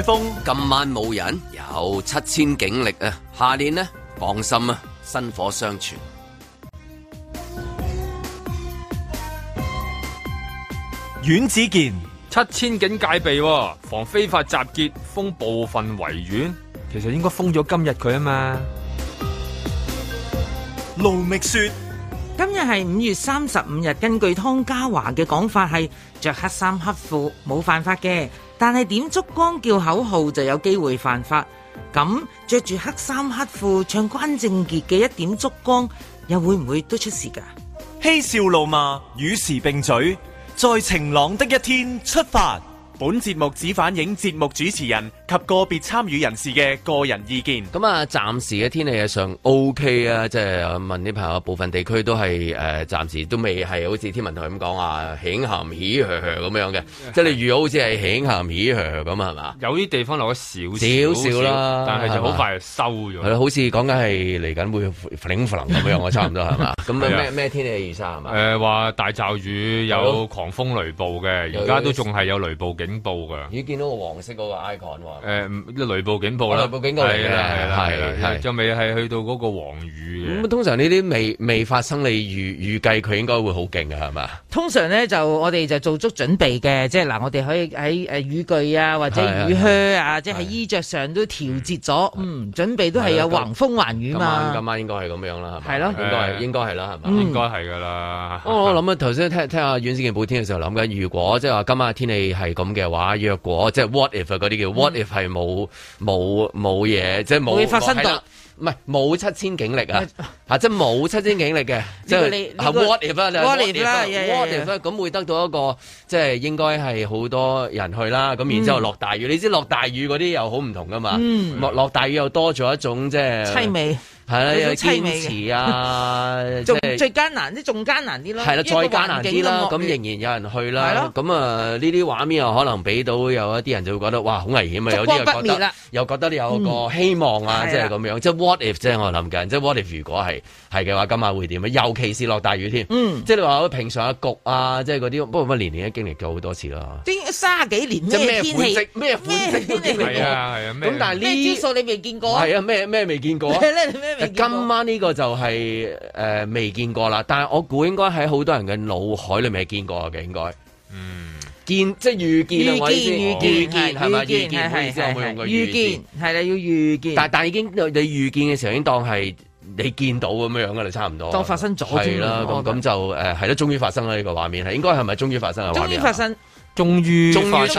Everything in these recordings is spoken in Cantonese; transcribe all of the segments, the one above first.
海峰，今晚冇人，有七千警力啊！下年呢，放心啊，薪火相傳。阮子健，七千警戒備、啊，防非法集結，封部分圍園。其實應該封咗今日佢啊嘛。盧覓雪，今日係五月三十五日，根據湯家驊嘅講法是，係着黑衫黑褲冇犯法嘅。但係點燭光叫口號就有機會犯法，咁着住黑衫黑褲唱關正傑嘅一點燭光，又會唔會都出事㗎？嬉笑怒罵，與時並舉，在晴朗的一天出發。本節目只反映節目主持人及個別參與人士嘅個人意見。咁啊，暫時嘅天氣啊上 O、OK、K 啊，即、就、係、是、問啲朋友，部分地區都係誒、呃，暫時都未係好似天文台咁講話，輕鹹起河咁樣嘅。即係你預好像是的，好似係輕鹹起河咁啊？係嘛？有啲地方落咗少少少啦，但係就，快就好快收咗。係好似講緊係嚟緊會鈴鈴咁樣我差唔多係嘛？咁啊咩咩天氣預測係嘛？誒話、呃、大驟雨，有狂風雷暴嘅，而家都仲係有雷暴警報㗎。咦？見到個黃色嗰個 icon 喎、啊。誒、呃，雷暴警報啦，雷暴警告嚟嘅，係係仲未係去到嗰個黃雨。咁通常呢啲未未發生，你預預計佢應該會好勁嘅係嘛？通常咧，就我哋就做足準備嘅，即係嗱、呃，我哋可以喺誒雨具啊，或者雨靴啊，即係衣着上都調節咗，嗯，準備都係有橫風橫雨嘛。今晚，今晚應該係咁樣啦，係嘛？係咯，應該係應該係啦，係嘛？應該係噶啦。我諗啊，頭先聽聽阿阮小姐報天嘅時候諗緊，如果即係話今晚嘅天氣係咁嘅話，若果即係 what if 嗰啲叫 what if。係冇冇冇嘢，即係冇發生到，唔係冇七千警力啊！嚇，即係冇七千警力嘅，即係啊 what if 啊 what if 啊 what if 咁會得到一個，即、就、係、是、應該係好多人去啦。咁然之後落大雨，嗯、你知落大雨嗰啲又好唔同噶嘛？落、嗯、落大雨又多咗一種即係悽美。係啦、啊，有堅持啊、就是！最艱難，即仲艱難啲咯。係啦、啊，再艱難啲啦，咁仍然有人去啦。咁啊，呢啲畫面又可能俾到有一啲人就會覺得哇，好危險啊！有啲又覺得、嗯、又覺得你有個希望啊，即係咁樣。即、就、係、是、what if 即係我諗緊，即、就、係、是、what if 如果係係嘅話，今晚會點？尤其是落大雨添。嗯，即係你話平常一局啊，即係嗰啲，不過乜年年，經年、就是、都經歷過好多次啦。三卅幾年咩天氣咩換色都未見咁，但係呢啲數你未見過咩，咩未見過咩？ 今晚呢個就係、是、未、呃、見過啦，但我估應該喺好多人嘅腦海裡面見過嘅應該，嗯，見即係預見啊！我意思預見預見係預見預見預見係啦，要預見，預見但但已經你預見嘅時候，已經當係你見到咁樣樣啦，差唔多。當發生咗啦，咁咁就係啦、呃，終於發生啦，呢個畫面係應該係咪終於發生啊？終於發生。終於終於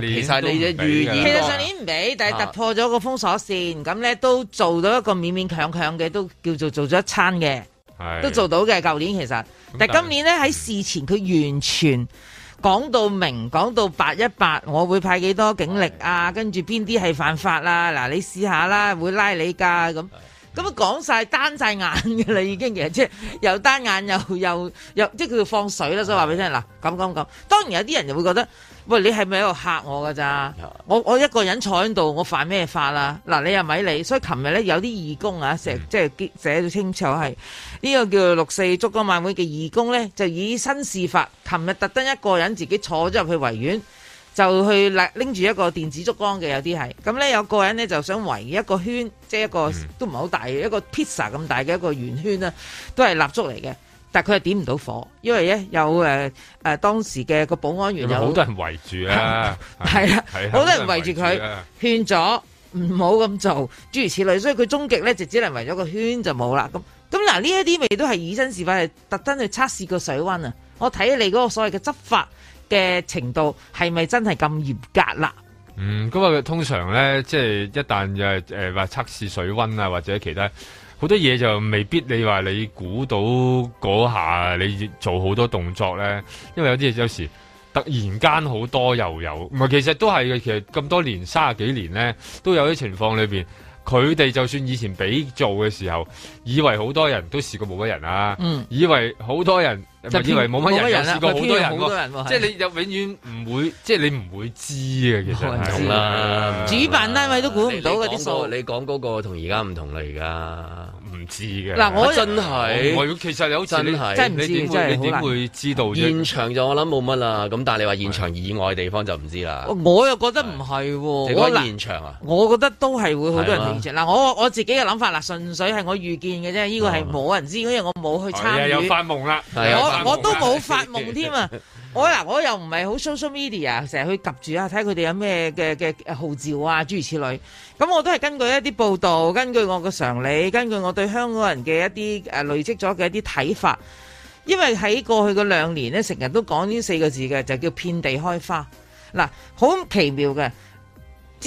其實上年唔俾，但係突破咗個封鎖線，咁呢都做到一個勉勉強強嘅，都叫做做咗一餐嘅，都做到嘅。舊年其實，但今年呢，喺事前佢完全講到明，講到八一八，我會派幾多警力啊，是跟住邊啲係犯法啦、啊？嗱，你試下啦，會拉你㗎咁。咁講講曬單晒眼嘅啦，已經其實即係又單眼又又又，又即係放水啦。所以話俾你聽，嗱咁咁咁。當然有啲人就會覺得，喂，你係咪喺度嚇我㗎咋？我我一個人坐喺度，我犯咩法啊？嗱，你又咪你。所以琴日咧有啲義工啊，成日即係寫到清楚係呢、這個叫做六四燭光晚會嘅義工咧，就以身試法。琴日特登一個人自己坐咗入去維園。就去拎住一個電子燭光嘅，有啲係咁呢，有個人呢就想圍一個圈，即係一個都唔係好大嘅一個 Pizza 咁大嘅一個圓圈啦，都係蠟燭嚟嘅。但係佢係點唔到火，因為呢有誒誒當時嘅個保安員有好多人圍住啦、啊，係 啦，好多人圍住佢勸咗唔好咁做，諸如此類。所以佢終極呢，就只能圍咗個圈就冇啦。咁咁嗱呢一啲咪都係以身試法，係特登去測試個水溫啊！我睇你嗰個所謂嘅執法。嘅程度係咪真係咁嚴格啦？嗯，咁啊，通常咧，即係一旦就係誒誒，話測試水溫啊，或者其他好多嘢就未必你話你估到嗰下你做好多動作咧，因為有啲嘢有時突然間好多油油，唔係其實都係嘅，其實咁多年三十幾年咧都有啲情況裏邊。佢哋就算以前俾做嘅時候，以為好多人都試過冇乜人啊，嗯、以為好多人即係、就是、以為冇乜人有試過好多人，多人有即係你又永遠唔會， 即係你唔會知啊，其實唔同啦。主辦單位都估唔到嗰啲數，你講嗰個同而家唔同嚟噶。知嘅，嗱、啊，我真係、哦，其實有好真係，真係唔知，真係好難會知道。現場就我諗冇乜啦，咁但係你話現場以外嘅地方就唔知啦。我又覺得唔係喎，嗱，現場啊，我覺得都係會好多人。嗱，我我自己嘅諗法嗱，純粹係我預見嘅啫。呢、呢個係冇人知，因為我冇去參與。又發夢啦！我我，我都冇發夢添啊！ 我，我又唔係好 social media，成日去及住啊，睇佢哋有咩嘅嘅號召啊，諸如此類。咁我都係根據一啲報道，根據我嘅常理，根據我對香港人嘅一啲誒累積咗嘅一啲睇法。因為喺過去嗰兩年呢，成日都講呢四個字嘅，就叫遍地開花。嗱，好奇妙嘅。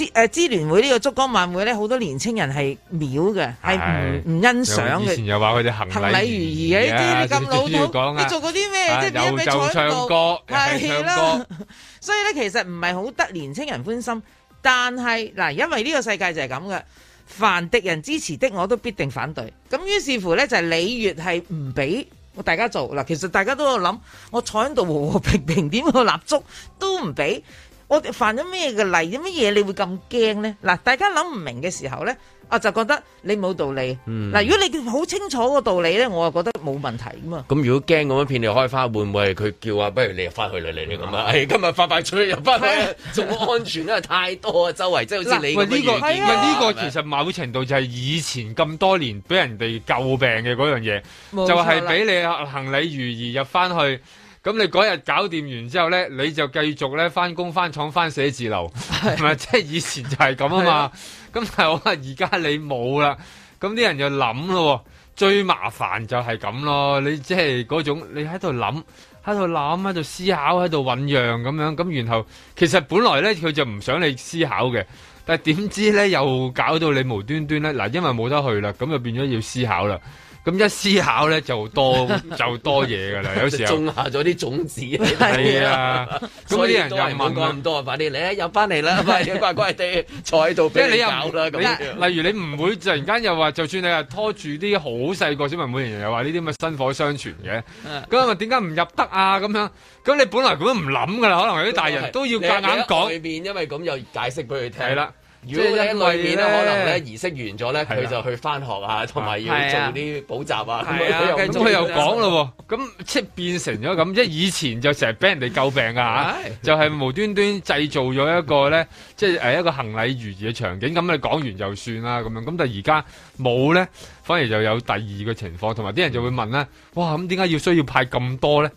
誒，支、呃、支聯會呢個燭光晚會咧，好多年青人係秒嘅，係唔唔欣賞嘅。以前又話佢哋行行禮如儀嘅，yeah, 你咁老土，yeah, yeah, 啊啊，你做過啲咩？即係有就唱歌，有就唱歌。 所以咧，其實唔係好得年青人歡心。但係嗱，因為呢個世界就係咁嘅，凡敵人支持的，我都必定反對。咁於是乎咧，就你越係唔俾大家做。嗱，其實大家都有諗，我坐喺度和和平平，點個蠟燭都唔俾。我哋犯咗咩嘅例，有乜嘢你會咁驚咧？嗱，大家諗唔明嘅時候咧，我就覺得你冇道理。嗱、嗯，如果你好清楚個道理咧，我啊覺得冇問題啊嘛。咁、嗯、如果驚咁樣遍你開花，會唔會係佢叫啊？不如你入翻去啦，你咁、嗯哎哎、啊，今日發發出去入翻去，仲安全咧？太多啊，周圍即係好似你咁、這個呢、啊這個其實某程度就係以前咁多年俾人哋詬病嘅嗰樣嘢，就係、是、俾你行禮如儀入翻去。咁你嗰日搞掂完之後呢，你就繼續呢翻工翻廠翻寫字樓，係 咪？即係以前就係咁啊嘛。咁 但係我話而家你冇啦，咁啲人就諗咯。 最麻煩就係咁咯，你即係嗰種你喺度諗，喺度諗，喺度思考，喺度醖釀咁樣。咁然後其實本來呢，佢就唔想你思考嘅，但係點知呢又搞到你無端端呢？嗱，因為冇得去啦，咁就變咗要思考啦。咁一思考咧就多 就多嘢噶啦，有時候種下咗啲種子啊，係啊， 咁啲人又唔講咁多啊，快啲嚟啊，入翻嚟啦，唔係乖乖地坐喺度俾你啦咁啊。例如你唔會突然間又話，就算你係拖住啲好細個小朋友，仍又話呢啲咪薪火相傳嘅。咁 啊，點解唔入得啊？咁樣，咁你本嚟佢都唔諗噶啦，可能有啲大人都要夾硬講。裏面因為咁又解釋俾佢聽。係啦。如果喺外面咧，可能咧儀式完咗咧，佢就去翻學啊，同埋要做啲補習啊。咁佢、啊、又咁佢又講咯，咁即係變成咗咁。即係以前就成日俾人哋詬病噶吓， 就係無端端製造咗一個咧，即係誒一個行禮如儀嘅場景。咁你講完就算啦，咁樣。咁但係而家冇咧，反而就有第二個情況，同埋啲人就會問咧：， 哇，咁點解要需要派咁多咧？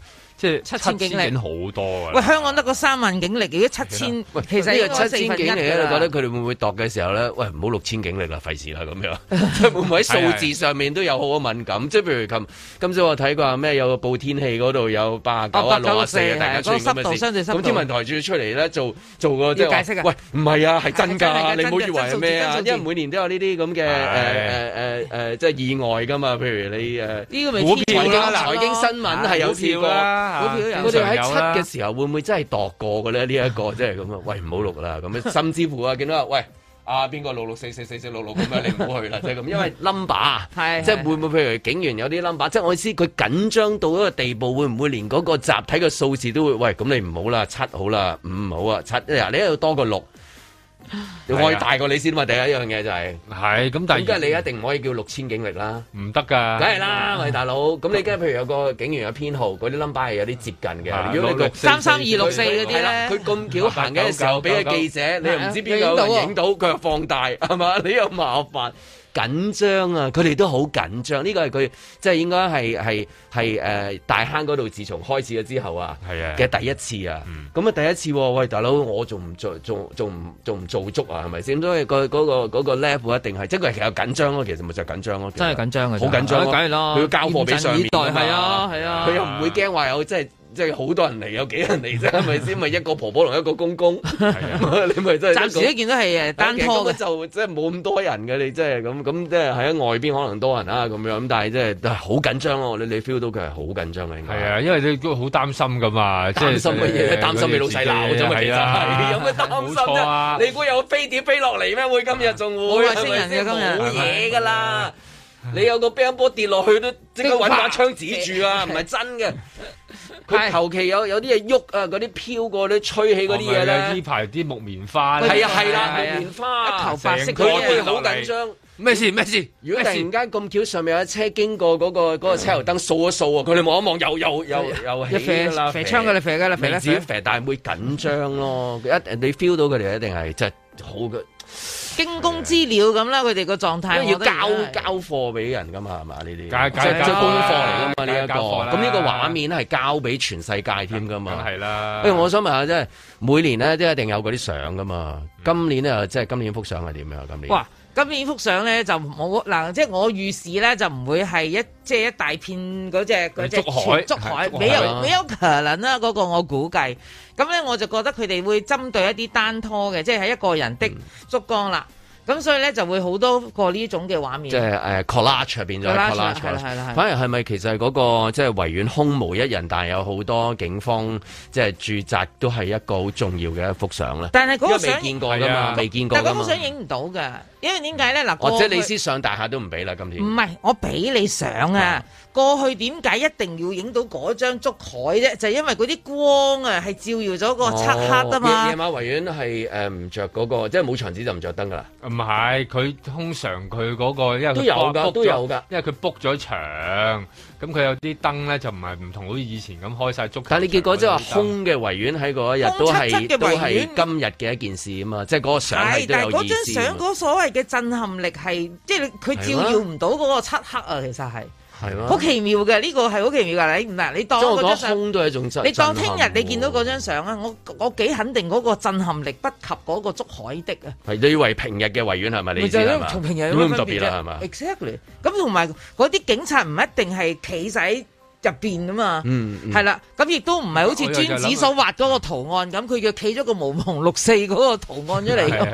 七千警力好多啊！喂，香港得個三萬警力，如果七千，其實呢個七千警力咧，你覺得佢哋會唔會度嘅時候咧？喂，唔好六千警力啦，費事啦咁樣。會唔會喺 數字上面都有好嘅敏感，即係譬如近今朝我睇過咩有報天氣嗰度有八廿九啊、六廿四，大家注意咁咁天文台仲要出嚟咧做做個解釋啊、就係？喂，唔係啊，係真㗎你唔好以為咩啊？因為每年都有呢啲咁嘅誒誒誒誒，即係、呃呃呃呃、意外㗎嘛。譬如你誒，呢、呃這個咪天氣啊？嗱、啊，財經新聞係有票啦、啊。啊股票有喺七嘅時候會唔會真係度過嘅咧？呢、這、一個即係咁啊！喂，唔好錄啦咁啊！甚至乎啊，見到啊，喂啊，邊個六六四四四四六六咁啊？你唔好去啦，即係咁。因為 number 啊，是是是即係會唔會譬如警員有啲 number，即係我意思佢緊張到一個地步，會唔會連嗰個集體嘅數字都會喂，咁你唔好啦，七好啦，五唔好啊，七你喺度多個六。要 以大過你先嘛、啊，第一樣嘢就係、是，係咁、啊，但係依家你一定唔可以叫六千警力啦，唔得噶，梗係啦， 喂大佬，咁你依家譬如有個警員嘅編號，嗰啲 number 係有啲接近嘅、啊，如果六三三二六四嗰啲，係佢咁巧行嘅時候，俾個記者，你又唔知邊個影到佢又 放大，係嘛，你又麻煩。緊張啊！佢哋都好緊張，呢個係佢即係應該係係係誒大坑嗰度，自從開始咗之後啊，嘅第一次啊，咁、嗯、啊第一次、啊，喂大佬，我仲唔做仲做唔做唔做，做，做，做足啊，係咪先？所以、嗰個、嗰個、嗰個 level 一定係即係佢其實緊張咯，其實咪就緊張咯，真係緊張啊，好緊張，梗係啦，佢要交貨俾上面，係啊係啊，佢又唔會驚話有即係即係好多人嚟，有幾人嚟啫？係咪先？咪一個婆婆同一個公公。 係啊， 你咪真係暫時咧見到係誒單拖嘅，就即係冇咁多人嘅。你即係咁咁，即係喺外邊可能多人、就是、啊咁樣。咁但係即係好緊張咯。你你 feel 到佢係好緊張嘅。係啊，因為都好擔心噶嘛，擔心嘅乜嘢，擔心俾、就是、老細鬧咗咪？其實係啊，有乜擔心啊？你估有飛碟飛落嚟咩？會今日仲會？外星人啊！是不是，人，是不是今日冇嘢噶啦，是不是。你有個乒乓波跌落去都即刻揾把槍指住啊？唔 係真嘅。 佢求其有有啲嘢喐啊，嗰啲飄過，啲吹起嗰啲嘢咧。呢排啲木棉花，係啊係啦，木棉花，一頭白色，佢好緊張。咩事咩事？如果突然間咁巧上面有車經過嗰個嗰個車頭燈掃一掃啊，佢哋望一望又又又又起噶啦，槍佢哋射噶啦，唔止射，但係會緊張咯。一定你 feel 到佢哋一定係即係好嘅。驚弓之鳥咁啦，佢哋個狀態，因為要交交貨俾人噶嘛，係、就是、嘛呢啲，交交即係功課嚟噶嘛呢一個。咁呢個畫面係交俾全世界添噶嘛，係啦。哎、欸，我想問下，即係每年咧，都一定有嗰啲相噶嘛？今年咧，即係今年幅相係點樣啊？今年。嗯就是今年咁呢幅相咧就冇嗱，即係我預視咧就唔會係一即係一大片嗰隻嗰隻燭海，全燭海冇有冇有可能啦，嗰、嗰個我估計咁咧我就覺得佢哋會針對一啲單拖嘅，即係喺一個人的燭光、嗯、啦。咁所以咧就會好多個呢種嘅畫面，即係誒 collage 入邊就 collage，係啦係啦係。反而係咪其實係、那、嗰個即係維園空無一人，但係有好多警方即係、就是、駐紮，都係一個好重要嘅一幅相咧。但係嗰個未見過㗎嘛，未見過，但係個相影唔到㗎，因為點解咧？嗱，或者、哦那個、你思上大廈都唔俾啦，今年，唔係，我俾你相啊。啊過去點解一定要影到嗰張燭海啫？就係、是、因為嗰啲光啊，係照耀咗個漆黑啊嘛。哦、夜夜晚維園係唔着嗰個，即係冇牆紙就唔着燈噶啦。唔、啊、係，佢通常佢嗰、那個因為都有噶，都有噶，因為佢 book 咗牆，咁佢有啲燈咧就唔係唔同好似以前咁開晒燭。但係你結果即係話空嘅維園喺嗰一日都係都係今日嘅一件事啊嘛，即係嗰個相係但係嗰張相嗰所謂嘅震撼力係，即係佢照耀唔到嗰個漆黑啊，其實係。係啦，好奇妙嘅呢、呢個係好奇妙㗎，你嗱你當嗰張相，你當聽日你見到嗰張相啊，我我幾肯定嗰個震撼力不及嗰個燭海的啊。係，你以為平日嘅維園係咪你自己係嘛？冇乜特別啦，係嘛？Exactly。咁同埋嗰啲警察唔一定係企曬。入面啊嘛，係、嗯、啦，咁亦都唔係好似專子所畫嗰個圖案咁，佢又企咗個無窮六四嗰個圖案出嚟，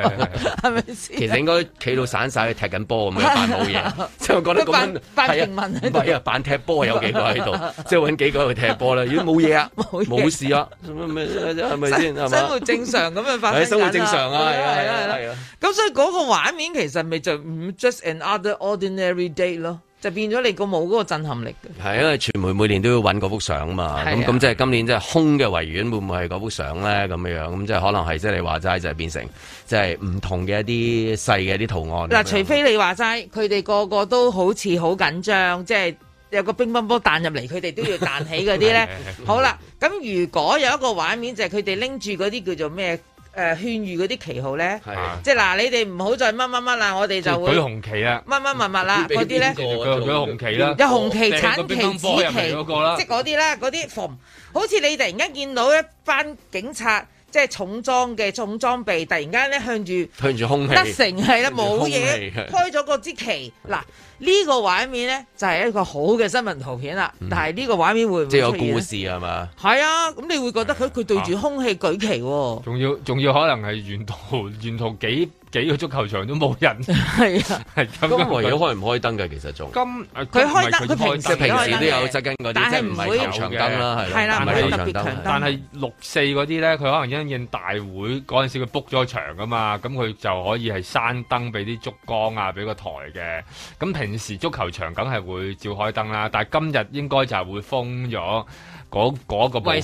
係咪 先？ 其實應該企到散晒去 踢緊波咁樣扮冇嘢，即係 覺得咁樣係啊，扮踢波有幾個喺度，即係揾幾個去踢波啦。如果冇嘢啊，冇 事啊，咁係咪先？生活正常咁樣發生活正常啊，係啊係啊，咁所以嗰個畫面其實咪就唔 just another ordinary day 咯。就變咗你個冇嗰個震撼力嘅。係因為傳媒每年都要揾嗰幅相嘛，咁咁即係今年即係空嘅維園會唔會係嗰幅相咧咁樣樣？咁即係可能係即係你話齋就係、是、變成即係唔同嘅一啲細嘅一啲圖案。嗱，除非你話齋佢哋個個都好似好緊張，即、就、係、是、有個乒乓波彈入嚟，佢哋都要彈起嗰啲咧。 好啦，咁如果有一個畫面就係佢哋拎住嗰啲叫做咩？誒、呃、勸喻嗰啲旗號咧，即係嗱、啊，你哋唔好再乜乜乜啦，我哋就會舉紅旗啊！乜乜乜乜啦，嗰啲咧，舉紅旗啦，有紅旗、橙旗、紫旗，個即係嗰啲啦，嗰啲馮，好似你突然間見到一班警察，即係重裝嘅重裝備，突然間咧向住向住空氣，得成係啦，冇嘢開咗嗰支旗嗱。啊呢、這個畫面咧就係一個好嘅新聞圖片啦，但係呢個畫面會,唔會、嗯、即係有故事係嘛？係啊，咁你會覺得佢佢對住空氣舉旗喎，仲、啊啊、要仲要可能係沿途沿途幾幾個足球場都冇人，係啊，係、嗯、咁。今圍咗開唔開燈嘅，其實仲咁佢開燈，佢平時平時,也平時都有執緊嗰啲，即係唔會長燈啦，係啦，唔特別長燈。但係六四嗰啲咧，佢可能因應大會嗰陣時佢 book 咗場㗎嘛，咁佢就可以係閂燈俾啲燭光啊，俾個台嘅，咁平。平時足球場梗係會照開燈啦，但係今日應該就係會封咗嗰嗰個部分，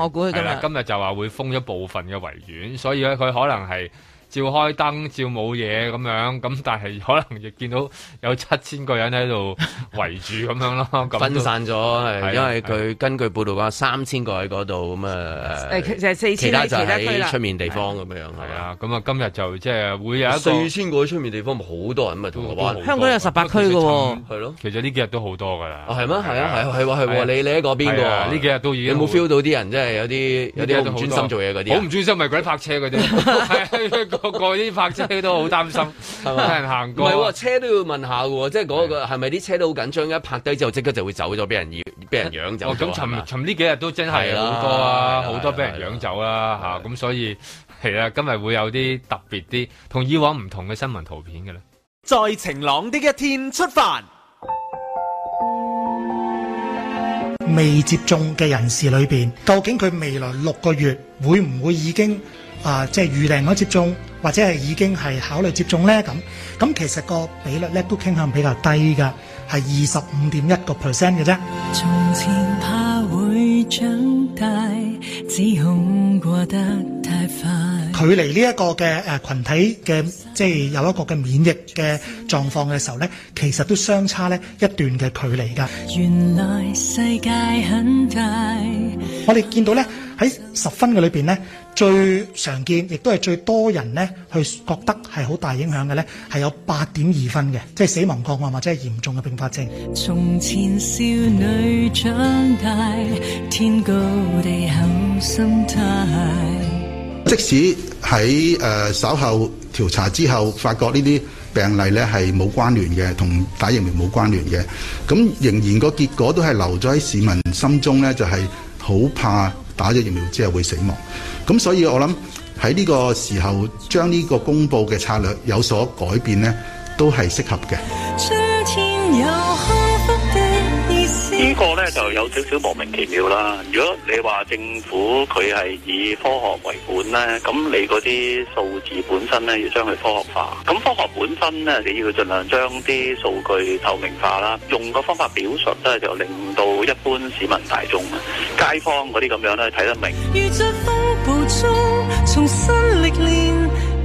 我估佢係啦，今日就話會封咗部分嘅維園，所以咧佢可能係。照開燈，照冇嘢咁樣，咁但係可能亦見到有七千個人喺度圍住咁樣咯， 分散咗，因為佢根據報道話三千個喺嗰度咁啊，誒，就係四千，其他就喺出面地方咁樣樣，係啊，咁啊，啊今日就即係會有一個四千個喺出面地方，好多人咪同我講，香港有十八區嘅喎，係咯，其實呢幾日都好多㗎啦，係咩？係啊，係係係喎，你、啊、你喺嗰邊㗎？呢、啊、幾日都已經有有，冇 feel、啊、到啲人即係有啲有啲唔專心做嘢嗰啲？好唔專心咪鬼拍車嗰啲？ 不過啲拍車都好擔心，係 人行過、啊、車都要問下喎、啊，即係嗰個係咪啲車都好緊張？一拍低之後，即刻就會走咗，俾人要，俾 人養走。哦，咁尋尋呢幾日都真係好多啊，好多俾人養走啦、啊、嚇。咁所以係啦，今日會有啲特別啲，同以往唔同嘅新聞圖片嘅咧。在晴朗的一天出發，未接種嘅人士裏面，究竟佢未來六個月會唔會已經？啊、呃，即係預訂接種或者係已經係考慮接種咧，咁咁其實個比率咧都傾向比較低嘅，係二十五點一個 percent 嘅啫。從前怕會長大，只恐過得太快。距離呢一個嘅、呃、羣體嘅即係有一個嘅免疫嘅狀況嘅時候咧，其實都相差咧一段嘅距離噶。原來世界很大。我哋見到咧喺十分嘅裏面咧，最常見亦都係最多人咧去覺得係好大影響嘅咧，係有八點二分嘅，即係死亡個案或者係嚴重嘅併發症。從前少女長大，天高地厚，即使喺誒稍後調查之後發覺呢啲病例咧，係冇關聯嘅，同打疫苗冇關聯嘅，咁仍然個結果都係留咗喺市民心中咧，就係好怕打咗疫苗之後會死亡。咁所以我諗喺呢個時候將呢個公布嘅策略有所改變咧，都係適合嘅。春天有呢個呢就有少少莫名其妙啦。如果你話政府佢係以科學為本呢，咁你嗰啲數字本身呢要將佢科學化。咁科學本身呢，你要盡量將啲數據透明化啦，用個方法表述呢，就令到一般市民大眾、街坊嗰啲咁樣咧睇得明。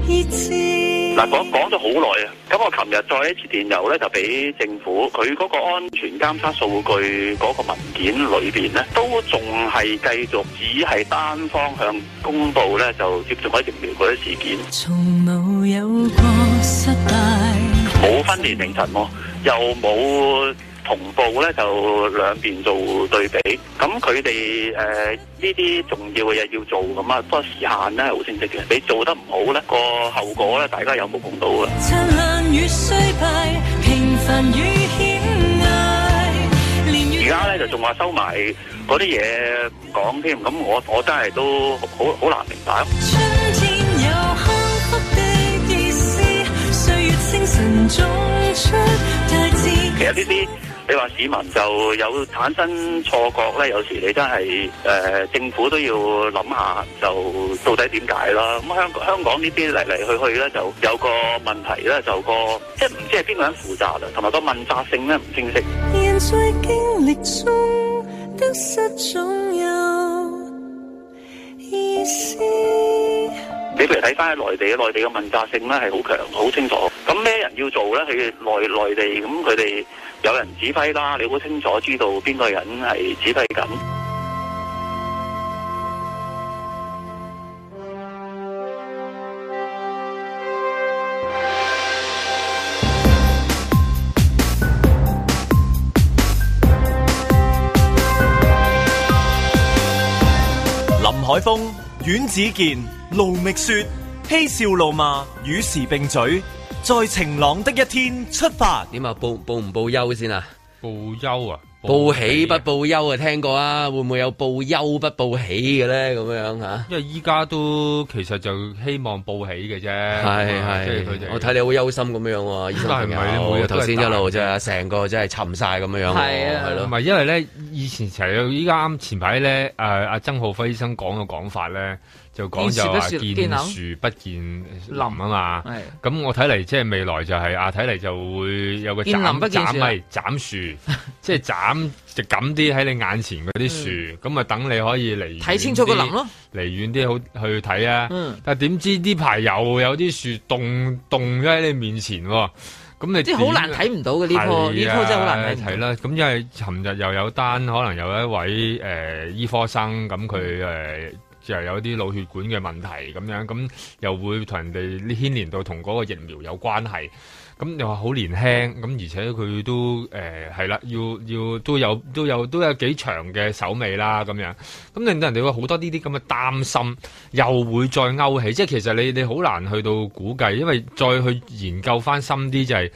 嗱，講講咗好耐啊，咁我琴日再一次電郵咧，就俾政府佢嗰個安全監測數據嗰個文件裏邊咧，都仲係繼續只係單方向公佈咧，就接種喺疫苗嗰啲事件，冇有有過失敗，冇分年齡層喎，又冇。同步咧就兩邊做對比，咁佢哋誒呢啲重要嘅嘢要做咁啊，多時限咧係好清晰嘅。你做得唔好咧，個後果咧大家有目共睹噶啦。而家咧就仲話收埋嗰啲嘢唔講添，咁我我真係都好好難明白。其實呢啲。你話市民就有產生錯覺咧，有時你真係誒、呃、政府都要諗下，就到底點解啦？咁香香港呢邊嚟嚟去去咧，就有個問題咧，就個即係唔知係邊個人負責啦，同埋個問責性咧唔清晰。人你譬如睇翻喺內地，內地嘅問責性咧係好強，好清楚。咁咩人要做咧？佢內內地咁，佢哋有人指揮啦，你好清楚知道邊個人係指揮緊。林海峰。阮子健、盧覓雪，嬉笑怒罵與時並嘴，在晴朗的一天出發。點啊，報報唔報休先啊？報休啊！報喜不報憂啊，聽過啊，會唔會有報憂不報喜嘅咧？咁樣吓，因為依家都其實就希望報喜嘅啫。係係、就是，我睇你好憂心咁樣樣、啊。但係唔係，冇嘢都頭先一路啫，成個真係沉晒咁樣樣。係啊，係咯、啊。唔係、啊、因為咧，以前成日有依家啱前排咧，誒、啊、阿曾浩輝醫生講嘅講法咧。就講就見見樹不見林啊嘛，咁我睇嚟即係未來就係啊睇嚟就會有個斬斬咪、啊、斬樹，即 係斬就咁啲喺你眼前嗰啲樹，咁、嗯、咪等你可以嚟，睇清楚個林咯、啊，離遠啲好去睇啊！嗯、但係點知呢排又有啲樹棟棟咗喺你面前喎、啊，咁你即係好難睇唔到嘅呢棵呢棵真係好難睇睇啦！咁因為尋日又有單，可能有一位誒、呃、醫科生咁佢誒又有一啲腦血管嘅問題咁樣，咁又會同人哋牽連到同嗰個疫苗有關係，咁又話好年輕，咁而且佢都誒係啦，要要都有都有都有都有幾長嘅手尾啦咁樣，咁令到人哋會好多呢啲咁嘅擔心，又會再勾起，即係其實你你好難去到估計，因為再去研究翻深啲就係。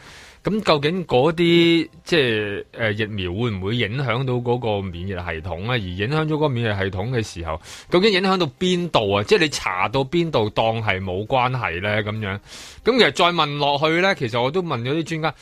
咁究竟嗰啲即係誒、呃、疫苗會唔會影響到嗰個免疫系統咧？而影響咗個免疫系統嘅時候，究竟影響到邊度啊？即係你查到邊度當係冇關係咧？咁樣咁其實再問落去咧，其實我都問咗啲專家，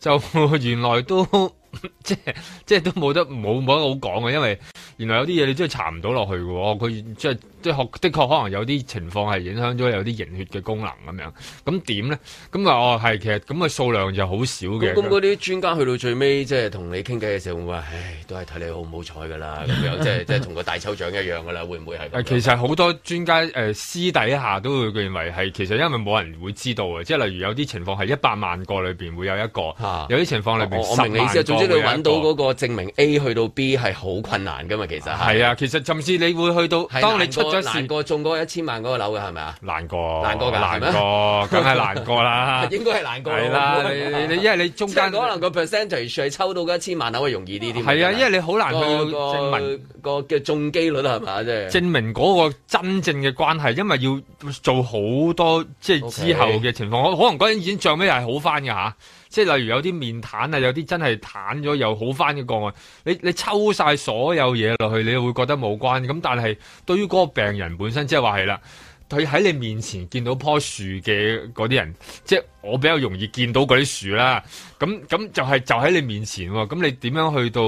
就原來都。 即係即係都冇得冇冇得好講嘅，因為原來有啲嘢你真係查唔到落去喎。佢、哦、即係即係的確可能有啲情況係影響咗有啲凝血嘅功能咁樣，咁點咧？咁啊哦係其實咁嘅數量就好少嘅。咁嗰啲專家去到最尾即係同你傾偈嘅時候會話，唉，都係睇你好唔好彩噶啦咁樣，即係即係同個大抽獎一樣噶啦，會唔會係？其實好多專家誒、呃、私底下都會認為係，其實因為冇人會知道嘅，即係例如有啲情況係一百萬個裏邊會有一個，有啲情況裏邊十萬個、啊。我我明。即係揾到嗰個證明 A 去到 B 係好困難噶嘛，其實係啊，其實甚至你會去到，當你出咗事，難過中嗰一千萬個樓嘅係咪啊？難過，難過噶，難過，梗 係難過啦，應該係難過，係啦，你你因為、啊、你中間可能個 percentage 率抽到一千萬樓會容易呢啲，係啊，因為你好難去證明個個嘅中機率係嘛，即係證明嗰、那個那個那個、個真正嘅關係，因為要做好多即係、就是、之後嘅情況，可、okay。可能嗰陣已經最尾係好返噶吓。即係例如有啲面癱啊，有啲真係癱咗又好翻嘅個案，你你抽晒所有嘢落去，你會覺得冇關。咁但係對於嗰個病人本身，即係話係啦，佢喺你面前見到樖樹嘅嗰啲人，即係我比較容易見到嗰啲樹啦。咁咁就係、是、就喺你面前喎。咁你點樣去到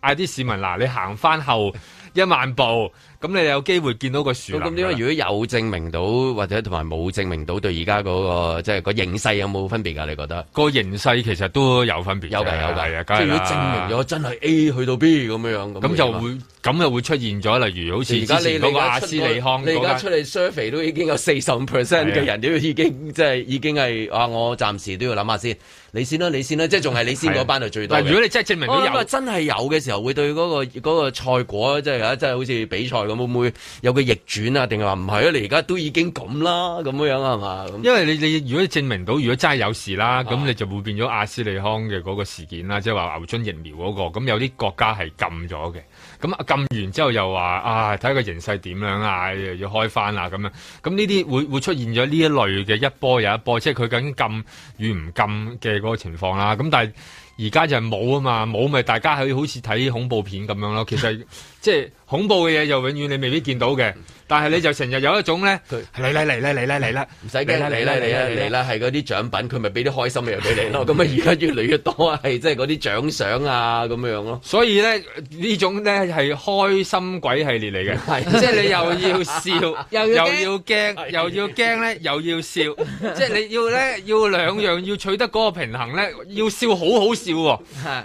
嗌啲市民嗱？你行翻後一萬步。咁你有機會見到個樹林？咁點解如果有證明到，或者同埋冇證明到對、嗰個，對而家嗰個即係個形勢有冇分別㗎？你覺得？嗰個形勢其實都有分別，有㗎，有㗎，梗係啦。即係即如果證明咗真係 A 去到 B 咁樣樣，咁就會咁又會出現咗，例如好似而家你個阿斯利康你而家出嚟 survey 都已經有四十五 percent 嘅人都已經即係已經係啊！我暫時都要諗下先。你先啦、啊，你先啦、啊，即係仲係你先嗰班就最多。嗱，如果你真係證明到有，啊、真係有嘅時候，會對嗰、嗰個嗰、嗰個、賽果，即係、啊、即好似比賽咁，會唔會有個逆轉啊？定係話唔係啊？你而家都已經咁啦，咁樣係嘛、啊？因為你你如果你證明到，如果真係有事啦，咁、啊、你就會變咗阿斯利康嘅嗰個事件啦，即係話牛津疫苗嗰、嗰個，咁有啲國家係禁咗嘅。咁啊，禁完之後又話啊，睇個形勢點樣啊，又要開翻啊咁樣。咁呢啲會會出現咗呢一類嘅一波又一波，即係佢緊禁與唔禁嘅嗰個情況啦。咁但係而家就係冇啊嘛，冇咪大家係好似睇恐怖片咁樣咯。其實。 即係恐怖嘅嘢就永遠你未必見到嘅，但係你就成日有一種咧嚟啦嚟啦嚟啦嚟啦，唔使驚嚟啦嚟啦嚟啦係嗰啲獎品，佢咪俾啲開心嘅嘢俾你咯。咁啊而家越嚟越多係即係嗰啲獎賞啊咁樣樣咯。所以咧呢種咧係開心鬼系列嚟嘅，即係你又要笑又要驚又要驚咧又要笑，即係你要咧要兩樣要取得嗰個平衡咧，要笑好好笑喎。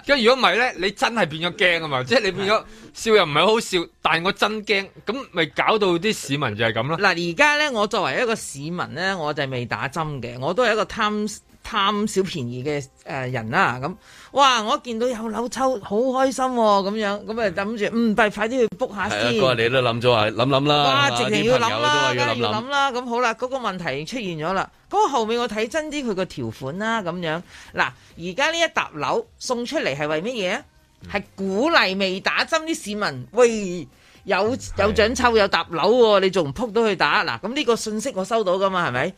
跟住如果唔係咧，你真係變咗驚啊嘛，即係你變咗。笑又唔係好笑，但係我真驚，咁咪搞到啲市民就係咁啦。嗱，而家咧，我作為一個市民咧，我就未打針嘅，我都係一個貪貪小便宜嘅誒人啦。咁哇，我見到有樓抽，好開心咁、啊、樣，咁啊諗住，嗯，快啲去 book 下先。係、啊，嗰日你都諗咗，諗諗啦。哇、啊，直情要諗啦、啊，要諗諗啦。咁好啦，嗰、嗰個問題出現咗啦。嗰、嗰、我、個、後面我睇真啲佢個條款啦，咁樣。嗱，而家呢一沓樓送出嚟係為乜嘢？係鼓勵未打針啲市民，喂，有有獎抽有搭樓喎，你仲唔撲到去打？嗱，咁呢個信息我收到噶嘛，係咪？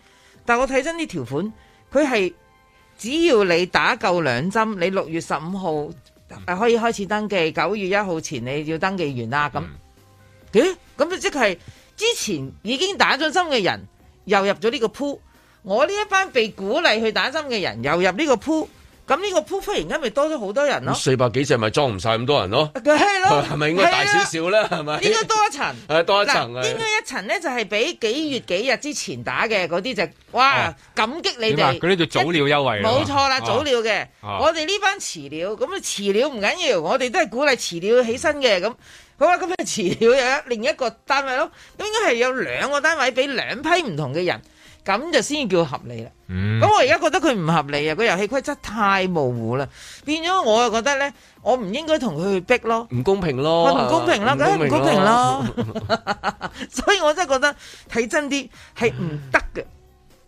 但我睇真啲條款，佢係只要你打夠兩針，你六月十五號可以開始登記，九月一號前你要登記完啦。咁，誒、嗯，咁即係之前已經打咗針嘅人又入咗呢個鋪，我呢一班被鼓勵去打針嘅人又入呢個鋪。咁呢個鋪忽然間咪多咗好多人咯，四百幾隻咪裝唔晒咁多人咯，係咯，係 咪應該大少少呢？係咪應該多一層 多一層嗱，應、啊、該、這個、一層咧就係俾幾月幾日之前打嘅嗰啲就，哇、啊！感激你哋，嗰、啊、啲叫早鳥優惠，冇錯啦，早鳥嘅、啊，我哋呢班遲鳥，咁啊遲鳥唔緊要緊、啊，我哋都係鼓勵遲鳥起身嘅咁。好啦，咁啊遲鳥有另一個單位咯，應該係有兩個單位俾兩批唔同嘅人。咁就先叫合理啦。咁、嗯、我而家覺得佢唔合理啊！個遊戲規則太模糊啦，變咗我又覺得咧，我唔應該同佢去逼咯，唔公平咯，唔公平啦，梗係唔公平咯。嗯，平咯，平咯，嗯、 所以我真係覺得睇真啲係唔得嘅。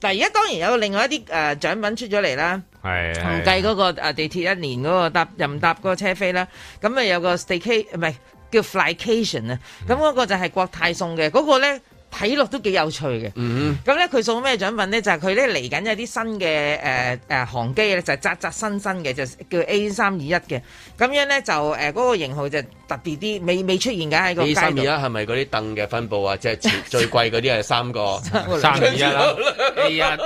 但而家當然有另外一啲誒、呃、獎品出咗嚟啦，唔 計嗰個地鐵一年嗰、嗰個搭任搭嗰個車飛啦，咁咪有個 s t a y c a、呃、唔叫 flycation 啊、嗯，咁嗰個就係國泰送嘅嗰、嗰個咧。睇落都幾有趣嘅，咁咧佢送咩獎品咧？就係佢咧嚟緊有啲新嘅誒誒航機咧，就係扎扎新新嘅，就叫 A 三二一嘅。咁樣咧就誒嗰、呃嗰個型號就特別啲，未未出現緊喺個。A 三二一係咪嗰啲凳嘅分佈啊？即、就、係、係最貴嗰啲係三個 321, 三二一啦。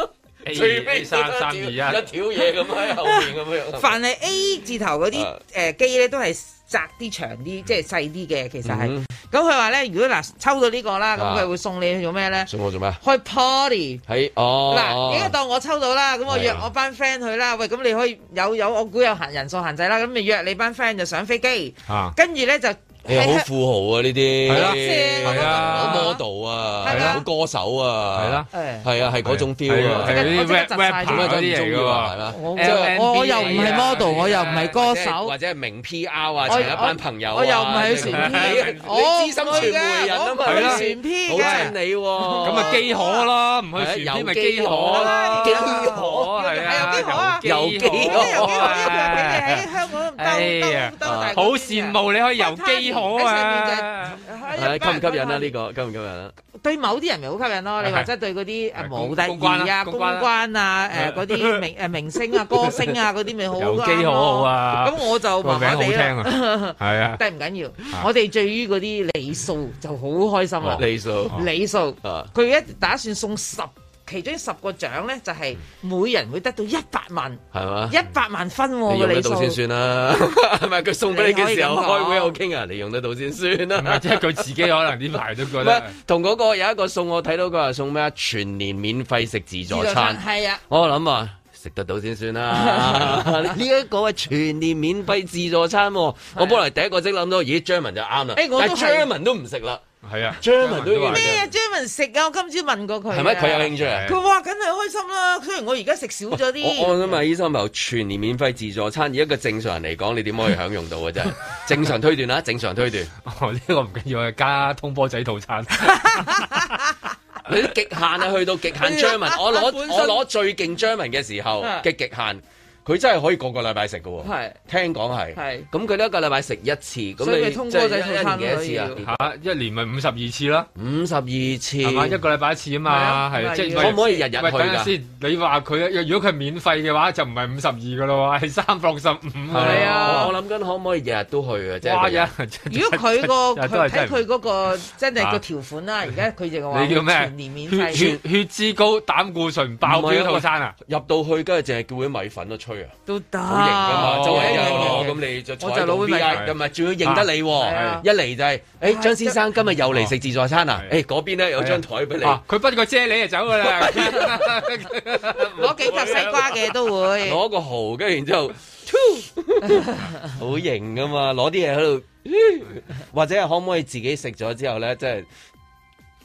A 一 A 三三二一一條嘢咁喺後面咁樣。凡係 A 字頭嗰啲誒機咧都係。窄啲、長啲、即係細啲嘅，其實係。咁佢話咧，如果嗱抽到呢個啦，咁佢會送你去做咩咧？送我做咩？開 party 係哦。嗱，而家當我抽到啦，咁我約我班 friend 去啦、啊。喂，咁你可以有有，我估有行人數限制啦。咁咪約你班 friend 就上飛機，啊、跟住咧就。你好 富豪啊！呢啲係啦，係啊，model 啊，好歌手啊，係啦，係啊，係嗰種 feel 啊，係啊，rap rap 咁嘅咁係嘛？即係我，我，我，我又唔係 model，係我又唔係歌手，或者係名 PR 啊，一班朋友啊，我，我，我又唔係傳 P，是是 PR、啊、你資 深傳媒人啊嘛，傳 P 好襯你、啊，咁咪飢渴啦，唔去傳咪飢渴啦，飢渴。有機可，即有機喺香港唔得，唔、欸、好行行、就是、羨慕你可以有機可啊！吸唔吸引啦，呢個吸唔吸引啦？對某啲人咪好吸引咯，你話真係對嗰啲誒模特兒啊、公關啊、誒嗰啲明誒明星啊、歌星啊嗰啲咪好好好機好啊！咁我就麻麻地啊。係啊，appreciation 但係唔緊要。我哋對於嗰啲禮數就好開心啦，禮 Burton 數， 禮數，佢一打算送十。其中十個獎咧，就係、是、每人會得到一百萬，係嘛？一百萬分，你用得到先算啦。係咪佢送俾你嘅時候開會好傾啊？你用得到先算啦、啊。即係佢自己可能啲排都覺得。 同嗰個有一個送我睇到佢、那、話、個、送咩啊？全年免費食自助餐。係啊，我諗啊，食得到先算啦。呢一個係全年免費自助餐、啊啊，我本來第一個即諗到，咦張文就啱啦。誒、欸，我都張文都唔食啦。係啊張文都要食咩啊？張文食啊！我今朝問過佢，係咪佢有興趣啊？佢話梗係開心啦、啊，雖然我而家食少咗啲。我諗埋醫生頭，全年免費自助餐，以一個正常人嚟講，你點可以享用到嘅啫？ 正常推斷啦、啊，正常推斷。 哦、呢、這個唔緊要啊，加通波仔套餐。你 極限啊，去到極限張文、啊啊、我攞、啊、我攞最勁張文嘅時候，極極限。啊啊佢真係可以個個禮拜食㗎喎，聽講係，咁佢一個禮拜食一次，咁你即係、就是、一年幾多次啊？一年咪五十二次啦，五十二次係嘛，一個禮拜一次啊嘛，係、啊嗯嗯、即係可唔可以日日去唔先，你話佢，如果佢免費嘅話，就唔係五十二喇咯，係三六五，係啊，啊，我諗緊可唔可以日日都去嘅、就是？哇呀，如果佢、那個睇佢嗰個真係個條款啦，而家佢叫話全年免費血血脂高膽固醇爆表套餐啊！入到去，跟住淨係叫啲米粉咯，都得，好型噶嘛，周圍又攞咁，你就採到啲嘢，唔係仲要認得你，一嚟就係、是，哎、欸，張先生今日又嚟食自助餐、欸、啊，哎，嗰邊咧有張台俾你，佢分個啫喱就走噶啦，攞 幾粒西瓜嘅都會，攞個蠔，跟住然之後，好型噶嘛，攞啲嘢喺度，或者係可唔可以自己食咗之後咧，即係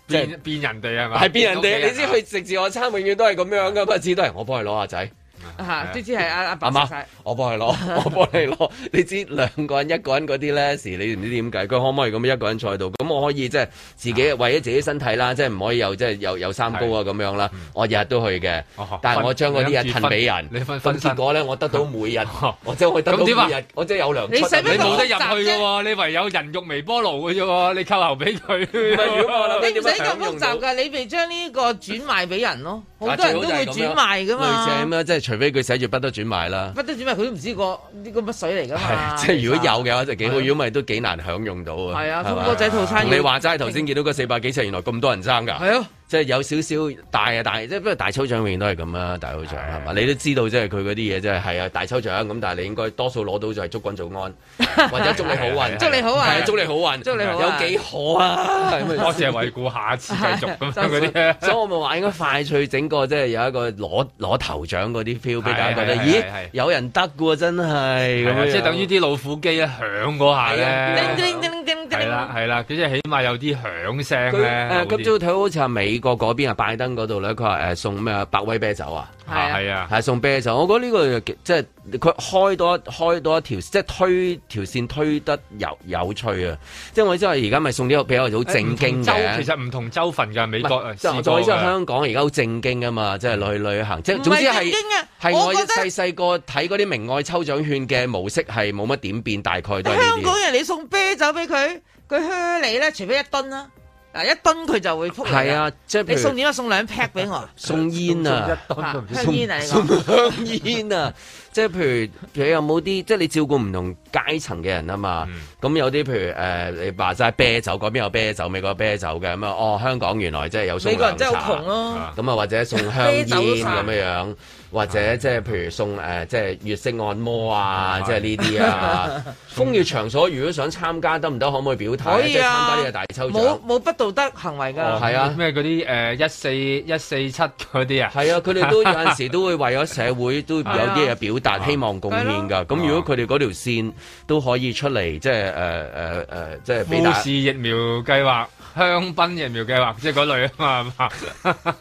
即係變人哋呀嘛，係變家人哋，你知去食自助餐永遠都係咁樣噶，不知都係我幫佢攞下仔。嚇、啊，啲啲係阿阿白我幫佢攞，我幫你攞。 你知兩個人一個人嗰啲咧事，你唔知點解，佢可唔可以咁樣一個人坐喺度？咁我可以即係自己為咗自己身體啦，即係唔可以有即係有有三高啊咁樣啦。我日日都去嘅、嗯，但係我將嗰啲嘢吞俾人，咁、啊、結果咧我得到每日，我即係我得到每日、啊，我即有糧。你使乜複雜？你唯有人肉微波爐嘅啫喎，你扣喉俾佢。 你唔使咁複雜㗎， 你咪將呢個轉賣俾人咯。好多人都會轉賣㗎嘛。即係除非佢寫住不得轉賣啦，不得轉賣佢都唔知、個呢個乜水嚟噶嘛？即係實如果有嘅話就幾好，如果唔係都幾難享用到啊！係吧啊 u m b 仔套餐，你話齋頭先見到個四百幾尺，原來咁多人爭㗎。係啊。即係有少少大啊大，即係不過大抽獎永遠都係咁啦，大抽獎係嘛？你都知道即係佢嗰啲嘢即係係啊大抽獎咁，但係你應該多數攞到就係祝君早安， 或者祝你好運，祝 你好啊，祝你好運，祝你好有幾好啊？多謝惠顧，下次繼續咁樣嗰啲，所以我咪話應該快脆整個即係有一個攞攞頭獎嗰啲 feel 俾大家覺得咦，咦有人得㗎喎真係即係等於啲老虎機啊響嗰下咧，叮叮叮叮叮，係啦係啦，即係起碼有啲響聲咧。今朝睇好似係美。美國嗰邊啊，拜登嗰度咧，佢話誒送咩百威啤酒啊，係啊，係啊係送啤酒。我覺得呢個即係佢開多開多一條，即係推條線推得有有趣啊！即係我即係而家咪送呢啲比較好正經嘅不其實唔同州份噶美國的，即係再即係香港而家好正經啊嘛，即係去旅行，即係總之係係我細細個睇嗰啲明愛抽獎券嘅模式係冇乜點變，大概都香港人你送啤酒俾佢，佢噓你咧，除非一噸啦，啊。一噸佢就會撲嚟，係啊，即係你送，點解送兩 pack 俾我，送煙啊，啊，香煙啊，啊，你送香煙啊。 即係譬如，你有冇啲即係你照顧唔同階層嘅人啊嘛？咁、嗯、有啲譬如、呃、你話齋啤酒嗰邊有啤酒，美國有啤酒嘅咁啊。哦，香港原來真係有送涼茶。美國人真係好窮咯。咁啊，或者送香煙咁樣，或者即係譬如送誒，即、呃、係、就是、月式按摩啊，即係呢啲啊。風 月場所如果想參加，得唔得？可唔可以表態、啊？可以啊。參加呢個大抽獎。冇冇不道德行為㗎。哦，係啊。咩嗰啲誒一四一四七嗰啲啊？係啊，佢哋都有陣時都會為咗社會都有啲嘢表態。 啊但希望貢獻㗎，咁、嗯、如果佢哋嗰條線都可以出嚟，即係誒誒誒，即係護士疫苗計劃、香檳疫苗計劃，即係嗰類啊嘛，係 嘛？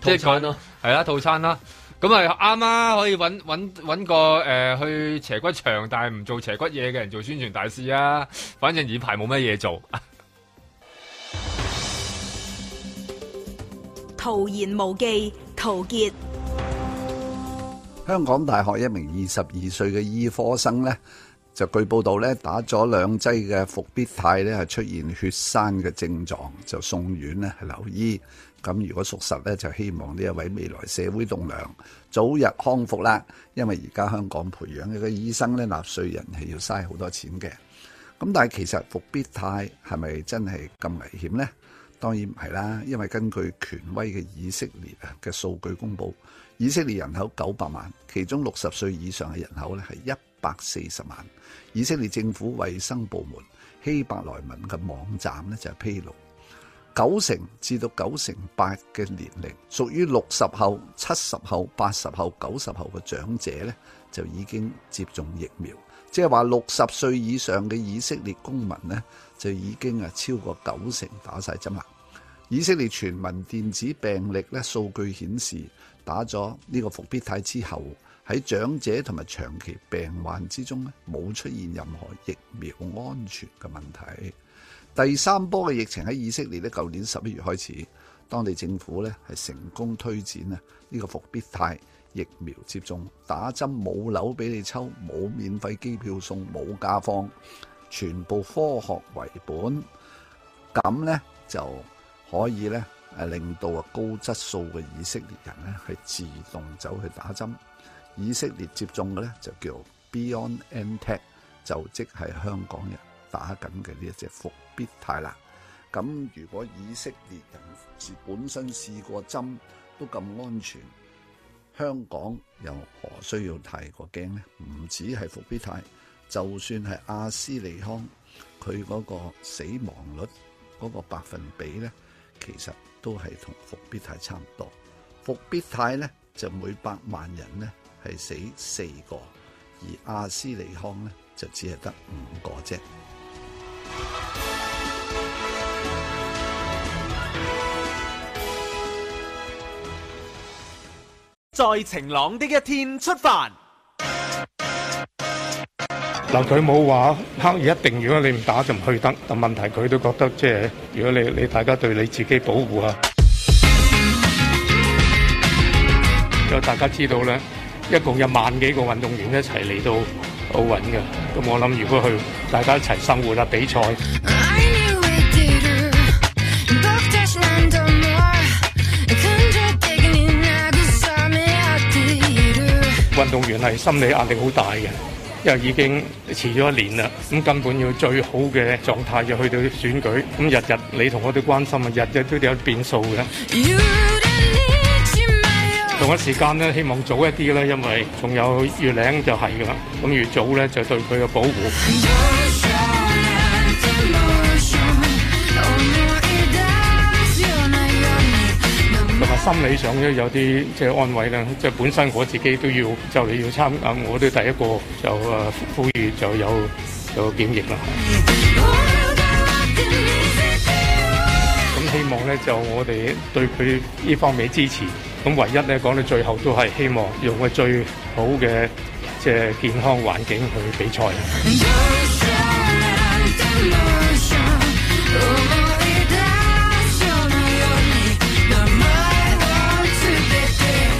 套餐咯、啊，係啦、啊，套餐啦、啊。咁咪啱啱可以揾揾揾個、呃、去邪骨場，但係唔做邪骨嘢嘅人做宣傳大使啊。反正以排冇乜嘢做。陶 言無忌，陶傑。香港大學一名二十二歲嘅醫科生呢，就據報道呢，打咗兩劑嘅復必泰呢，係出現血栓嘅症狀，就送院呢，係留醫。咁如果屬實呢，就希望呢一位未來社會棟梁早日康復啦。因為而家香港培養一個醫生呢，納稅人係要嘥好多錢嘅。咁但係其實復必泰係咪真係咁危險呢？當然唔係啦，因為根據權威嘅以色列啊嘅數據公布。以色列人口九百萬，其中六十歲以上嘅人口咧係一百四十萬。以色列政府衛生部門希伯來文嘅網站咧就係披露，九成至到九成八嘅年齡屬於六十後、七十後、八十後、九十後嘅長者呢就已經接種疫苗。即係話六十歲以上嘅以色列公民呢，就已經啊超過九成打晒針啦。以色列全民電子病歷呢，數據顯示。打咗呢個復必泰之後，喺長者同埋長期病患之中冇出現任何疫苗安全嘅問題。第三波嘅疫情喺以色列呢舊年十一月開始，當地政府呢係成功推展啊呢個復必泰疫苗接種，打針冇樓俾你抽，冇免費機票送，冇假放，全部科學為本，咁呢就可以呢。誒令到啊高質素嘅以色列人咧，係自動走去打針。以色列接種嘅咧就叫 BioNTech 就即係香港人打緊嘅呢一隻復必泰啦。咁如果以色列人本身試過針都咁安全，香港又何需要太過驚呢？唔止係復必泰，就算係阿斯利康，佢嗰個死亡率嗰個百分比咧。其實都係同復必泰差唔多，復必泰呢，就每百萬人呢係死四個，而阿斯利康呢，就只係得五個啫。在晴朗的一天出發。嗱佢冇話，刻意一定，如果你唔打就唔去得。但問題佢都覺得，即係如果你你大家對你自己保護啊。咁大家知道咧，一共有萬幾個運動員一齊嚟到奧運嘅。咁我諗，如果去，大家一齊生活啦，比賽。運動員係心理壓力好大嘅。又已經遲咗一年啦，咁根本要最好嘅狀態就去到選舉，咁日日你同我哋關心啊，日日都有變數嘅。You, 同一時間咧，希望早一啲啦，因為仲有月領就係㗎啦，咁越早咧就對佢嘅保護。心理上都有啲即係安慰啦，即係本身我自己都要就你要參加，我都第一個就啊呼籲就有檢疫啦。咁 希望咧就我哋對佢呢方面支持，咁唯一咧講到最後都係希望用個最好嘅即係健康環境去比賽。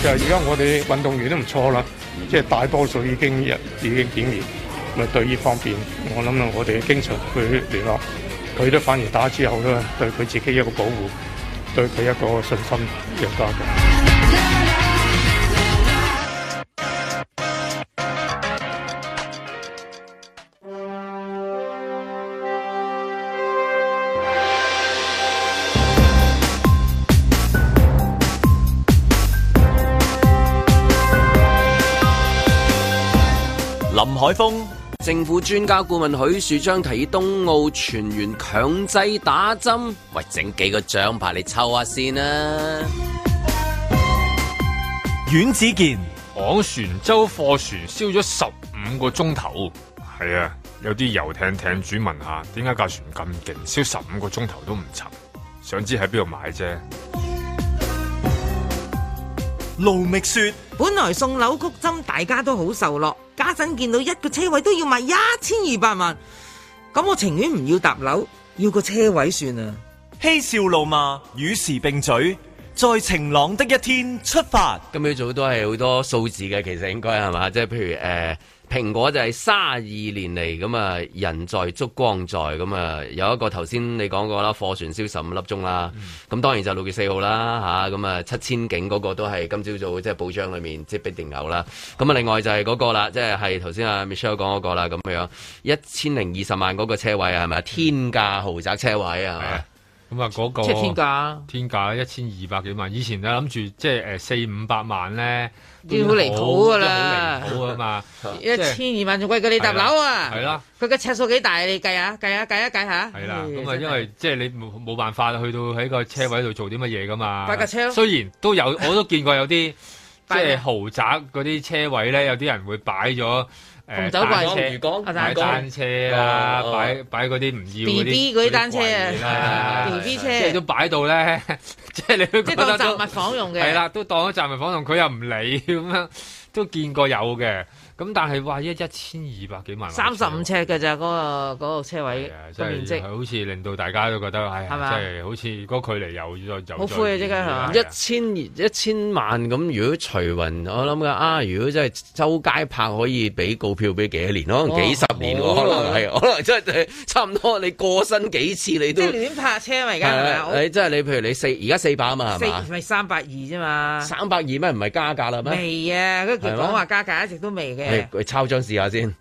就係而家我哋運動員都唔錯啦，即係大多數已經一已經見面，咪對呢方面，我諗啊，我哋經常去聯絡，佢都反而打之後咧，對佢自己一個保護，對佢一個信心又加強。政府專家顧問許樹昌提議東澳全員強制打針，喂整幾個獎牌你抽下先啦。阮子健，昂船洲貨船燒咗十五個鐘頭，係啊，有啲遊艇艇主問下，點解架船咁勁，燒十五個鐘頭都唔沉，想知喺邊度買啫？盧覓雪，本來送樓曲針，大家都好受落。家陣見到一個車位都要賣一千二百萬，咁我情願唔要搭樓，要個車位算啊！嬉笑怒罵，與時並舉，在晴朗的一天出發。今日早都係好多數字嘅，其實應該係嘛？即係譬如誒。呃蘋果就係卅二年嚟咁啊，人在燭光在咁啊，有一個頭先你講過啦，貨船燒十五粒鐘啦，咁當然就六月四號啦吓，咁啊七千景嗰個都係今朝早障裡即係報章裏面即係必定有啦，咁啊另外就係嗰、嗰個啦，即係係頭先阿 Michelle 講、嗰個啦咁樣一千零二十萬嗰個車位係咪天價豪宅車位啊？咁啊嗰個即係天價，天價一千二百幾萬，以前你諗住即係誒四五百萬咧。啲好離譜㗎啦，好啊嘛，一千二萬仲貴過你搭樓啊！係啦，佢嘅尺數幾大？你計下，計下，計一計下。係啦，咁啊，因為即係你冇冇辦法去到喺個車位度做啲乜嘢㗎嘛？擺架車咯。雖然都有，我都見過有啲 即係豪宅嗰啲車位咧，有啲人會擺咗紅酒櫃、呃、魚缸、擺單車啦，擺擺嗰啲唔要嗰 B B 嗰啲單車啊，B B 車，即係都擺到咧，即 係你都覺得都。即係當雜物房用嘅。係啦， 都當咗雜物房用，佢又唔理咁樣， 都見過有嘅。咁但係哇！一一千二百幾萬多，三十五尺嘅咋嗰個嗰、嗰個、車位個面積，係、啊即係、好似令到大家都覺得係係，即係、哎即係、好似個距離又再又好寬即係一千一千萬咁，如果徐云我諗嘅啊，如果真係周街拍，可以俾告票俾幾多年可能幾十年喎、哦，可能係可能真係差唔多。你過身幾次你都即 亂拍車啊！而家係咪啊？你即係你譬如你四而家四百啊嘛係嘛？唔係三百二啫嘛？三百二咩唔係加價啦咩？未啊！佢講話加價一直都未。誒，抄張試下先。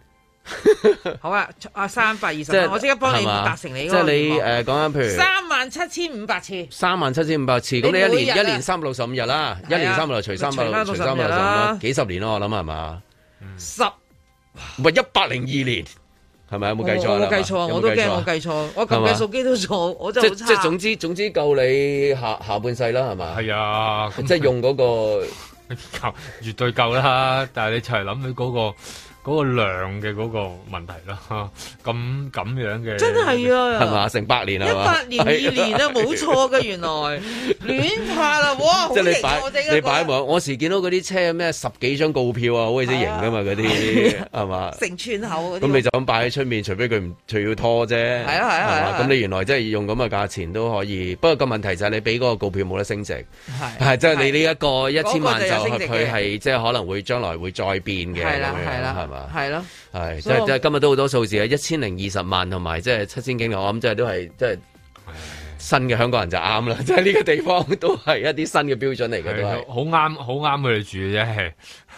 好啊，啊三百二十萬我即刻幫你達成、就是、你。即係你誒，講緊譬如三萬七千五百次。三萬七千五百次，咁你,你一年一年三百六十五日啦，一年三百六除三百六，除三百六，十五、啊、幾十年咯，我諗係嘛？十唔係一百零二年，係咪有冇計錯啦，冇計錯，我都計錯，我撳嘅數機都錯，我真係好差。即係總之，總之夠你下下半世啦，係嘛？係啊，即係用嗰、那個。 夠， 絕對夠啦！但係你齊諗起嗰個。嗰、嗰個量嘅嗰個問題咯，咁、啊、咁樣嘅，真係啊，係嘛？成百年，年啊，一百年二年啊，冇 錯㗎，原來 亂拍啦，哇！即係你擺、啊，你擺埋、這個。我時見到嗰啲車咩十幾張告票啊，好鬼死型㗎嘛嗰啲係嘛？成串口嗰啲咁你就咁擺喺出面，除非佢唔，除要拖啫。係啊，係啊，係咁你原來即係用咁嘅價錢都可以，啊、不過個問題就係你俾嗰個告票冇得升值，係、啊啊啊啊、即係你呢一個一千萬就佢係、那個啊、即係可能會將來會再變嘅。啦啦、啊。係咯，係即係今日都好多數字啊！一千零二十萬同埋即係七千幾，我諗即係都係即係新嘅香港人就啱啦！即係呢個地方都係一啲新嘅標準嚟嘅，好啱好啱佢哋住嘅，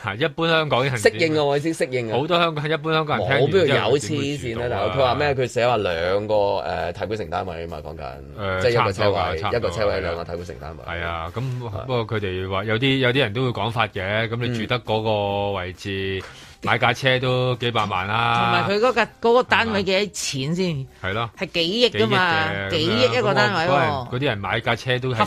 係一般香港適應啊，我哋先適應好多香港一般香港冇邊度有黐線佢話咩？佢寫話兩個誒體管承擔位啊嘛，講緊即係一個車位一個車位，兩個體管承擔位。係啊！咁不過佢哋話有啲有啲人都會講法嘅，咁你住得嗰個位置。買架車都幾百萬啦，啊，同埋佢嗰架嗰個單位多幾多錢先？係咯，係幾億噶嘛？幾億一個單位嗰，啊，啲，哦，人，人買架車都係，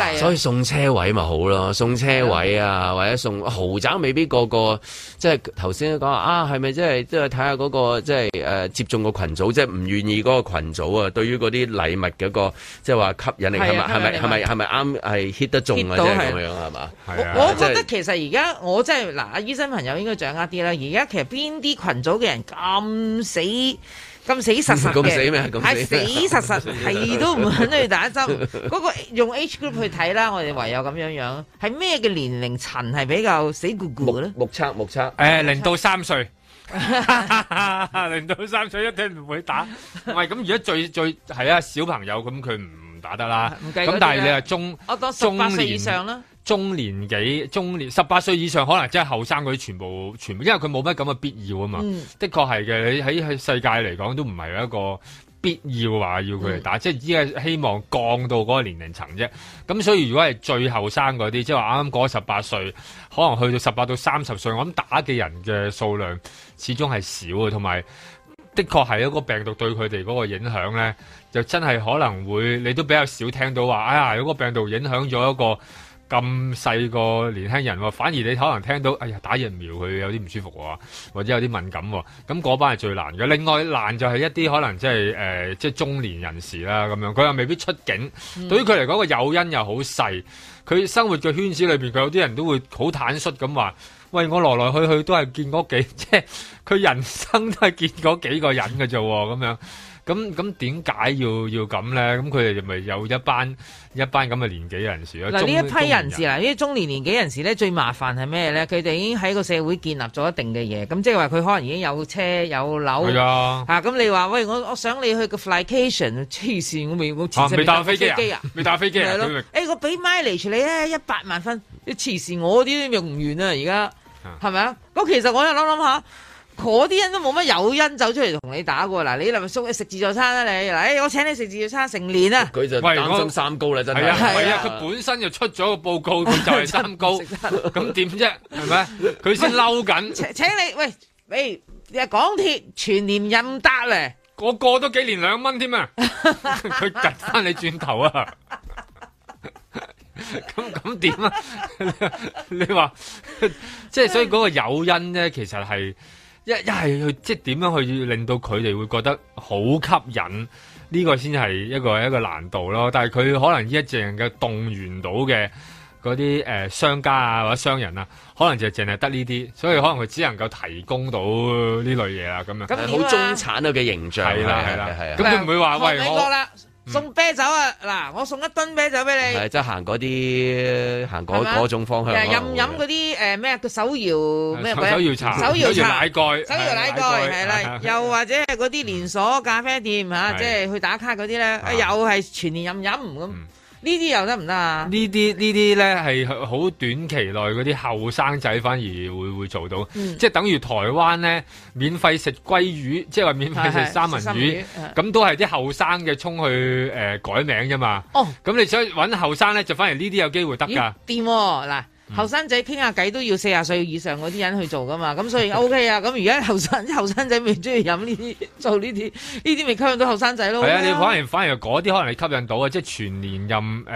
啊，所以送車位咪好咯？送車位啊，或者送豪宅，未必個個即係頭先都講啊，係咪即係即係睇下嗰個即係誒接種個群組，即係唔願意嗰個群組啊？對於嗰啲禮物嘅，嗰個即係話吸引力係咪？係咪係咪係咪啱？係 hit 得中啊？即係咁樣係嘛？我覺得其實而家我真係嗱，醫生朋友應該掌握啲啦。而家其實邊啲群組嘅人咁死咁死實實嘅？咁死咩？咁死實實係都唔肯去打針。嗰個用 H group 去睇啦，我哋唯有咁樣樣。係咩嘅年齡層係比較死固固咧？目測目測，誒零到三歲，零到三歲一定唔會打。唔係咁，而家最最係啊，小朋友咁佢唔打得啦。咁但係你話中，我當十八歲以上啦。中年幾，中年十八歲以上，可能即係後生嗰啲全部全部，因為佢冇乜咁嘅必要啊嘛、嗯。的確係嘅，你喺喺世界嚟講都唔係一個必要話要佢哋打，嗯、即係依家希望降到嗰個年齡層啫。咁所以如果係最後生嗰啲，即係話啱啱過十八歲，可能去到十八到三十歲我諗打嘅人嘅數量，始終係少啊。同埋的確係一個病毒對佢哋嗰個影響咧，就真係可能會你都比較少聽到話，哎呀，如果個病毒影響咗一個咁細個年輕人喎，反而你可能聽到，哎呀，打疫苗佢有啲唔舒服喎，或者有啲敏感喎，咁嗰班係最難嘅。另外難就係一啲可能、即係呃、即係即係中年人士啦咁樣，佢又未必出境。嗯、對於佢嚟講，個誘因又好細，佢生活嘅圈子裏面，佢有啲人都會好坦率咁話：喂，我來來去去都係見嗰幾，即係佢人生都係見嗰幾個人嘅啫，咁樣。咁咁點解要要咁咧？咁佢哋咪有一班一班咁嘅年紀人士嗱，呢一批人士呢啲中，中，中年年紀人士咧最麻煩係咩咧？佢哋已經喺個社會建立咗一定嘅嘢，咁即係話佢可能已經有車有樓。係啊！啊咁你話喂，我我想你去個 flycation 黐線！我未我啊，未搭飛機啊，未搭飛機啊， 機啊欸、我俾 mileage 你咧一百萬分，你黐線！我啲都用唔完啊，而家係咪啊？咁其實我又諗諗下。嗰啲人都冇乜誘因走出嚟同你打過，嗱你嚟咪叔食自助餐啦，啊，你嗱、哎、我請你食自助餐成年啊佢就擔心三高啦，真係，係啊，佢、啊啊、本身就出咗個報告，就係三高，咁點啫，係 咪？佢先嬲緊， 請你喂，你啊港鐵全年任搭咧，我過多幾年兩蚊添啊，佢趌翻你轉頭啊，咁咁點啊？ 你話，即係所以嗰個誘因咧，其實係。一一係去即係點樣去令到佢哋會覺得好吸引？呢、呢個先係一個一個難度咯。但係佢可能依家淨係嘅動員到嘅嗰啲誒商家啊或者商人啊，可能就淨係得呢啲，所以可能佢只能夠提供到呢類嘢啦，咁樣好、啊、中產啊嘅形象係啦係啦係咁佢唔會話喂我？嗯、送啤酒啊！嗱，我送一樽啤酒俾你。係即行嗰啲行嗰嗰種方向。飲飲嗰啲誒咩？手搖咩？手搖茶。手搖茶。手搖奶蓋。手搖奶蓋係啦。 又或者係嗰啲連鎖咖啡店吓，即係、即係、去打卡嗰啲咧，又係全年飲飲咁。嗯呢啲又得唔得啊？呢啲呢啲咧係好短期內嗰啲後生仔反而會會做到，嗯、即係等於台灣咧免費食鮭魚，即係話免費食三文魚，咁都係啲後生嘅衝去誒、呃、改名啫嘛。哦，咁你想揾後生咧，就反而呢啲有機會得㗎。掂喎，嗱、啊。後生仔傾下偈都要四十歲以上嗰啲人去做噶嘛，咁所以 O、OK、K 啊。咁而家後生後生仔未中意飲呢啲，做呢啲呢啲未吸引到後生仔咯。係啊，啊，你反而反而嗰啲可能你吸引到啊，即係全年任誒誒誒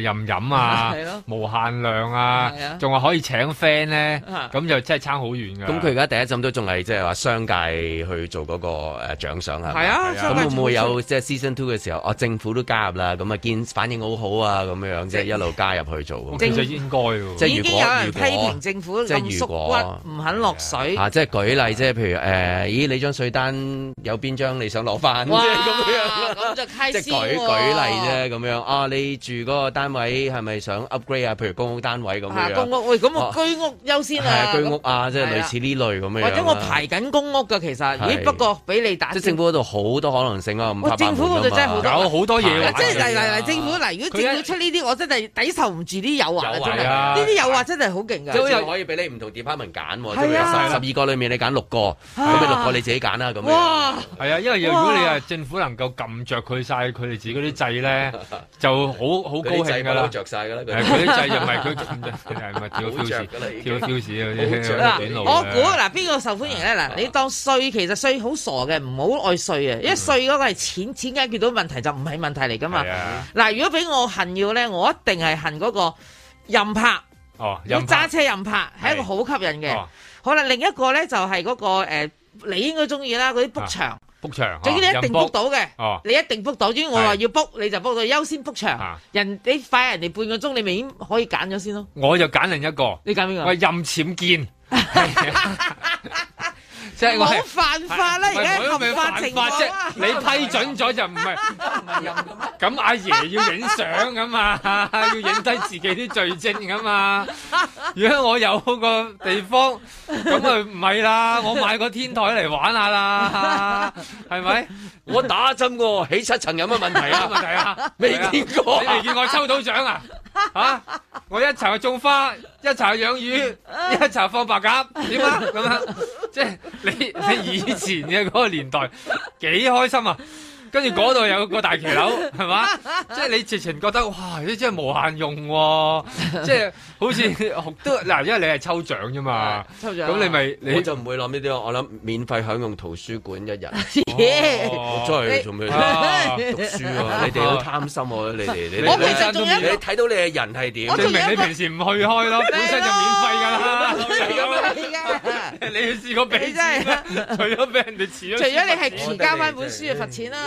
任飲啊，啊，啊，無限量啊，仲話、啊、可以請 friend 咧，咁、啊、就真係差好遠噶。咁佢而家第一陣都仲係即係話商界去做嗰個誒獎賞係嘛。係啊，咁會唔會有即係、就是、season two 嘅時候，哦政府都加入啦，咁啊見反應好好啊，咁樣即係一路加入去做。其實應該。已經有人批評政府縮骨唔肯落水啊！即係舉例啫，譬如誒，咦、呃？你張稅單有邊張你想攞翻？哇！咁就欺師喎！即係舉、啊、舉例啫，咁樣啊？你住嗰個單位係咪想 upgrade 啊？譬如公屋單位咁樣、啊、公屋喂，咁我居屋優先啊！啊啊居屋啊，即係、就是、類似呢類咁樣、啊。或者我在排緊公屋㗎，其實咦、啊？不過俾你打。即係政府嗰度好多可能性啊！政府嗰度真係好多，好多嘢、啊。即係嚟嚟政府嗱，如果政府出呢啲，我真係抵受唔住啲誘惑啊！有,有啊，真係好勁嘅，即可以俾你唔同 department 揀，十二個裏面你揀六個，咁你六個你自己揀啦咁樣。係啊，因為如果你係政府能夠撳着佢晒佢哋自己嗰啲掣咧，就好好高興㗎啦、啊。 著曬㗎啦，佢啲掣就唔係佢係唔係挑挑事。挑挑事嗰啲。我估嗱邊個受歡迎咧？嗱、啊，你當稅其實稅好傻嘅，唔好愛稅啊，因為稅嗰個係錢錢解決到問題就唔係問題嚟㗎嘛。嗱、啊啊，如果俾我恨要咧，我一定係恨嗰個任拍。哦，揸車任拍，係一個好吸引嘅。好啦，哦、可能另一個咧就係嗰、那個誒、呃，你應該中意啦，嗰啲 book 場，book 場、哦，總之你一定 book 到嘅。哦、嗯，你一定 book 到，總、哦、之我話要 book，你就 book 到優先 book 場。人你快人哋半個鐘，你明顯可以揀咗先咯。我就揀另一個，你揀邊個？我任淺見。 是 冇犯法咧，而家我未犯法啫？你批准咗就唔係唔係咁咁？阿爺要影相噶嘛？要影低自己啲罪證噶嘛？如果我有個地方，咁啊唔係啦，我買個天台嚟玩下啦，係咪？我打針喎，起七層有乜問題啊？問題啊？未見過，未見我抽到獎啊？嚇！我一層種花，一層養魚，一層放白鴿，點啊？咁啊？即係 你你以前嘅嗰個年代幾開心啊！跟住嗰度有個大旗樓，係嘛？即係你直情覺得哇！你真係無限用，即係好似都嗱，因為你係抽獎啫嘛。抽獎咁你咪你就唔會諗呢啲咯。我諗免費享用圖書館一日，再做咩讀書啊？你哋好貪心喎！你哋你你睇到你嘅人係點？證明你平時唔去開咯，本身就免費㗎啦。你試過俾真係，除咗俾人哋錢，除咗你係交翻本書嘅罰錢啦。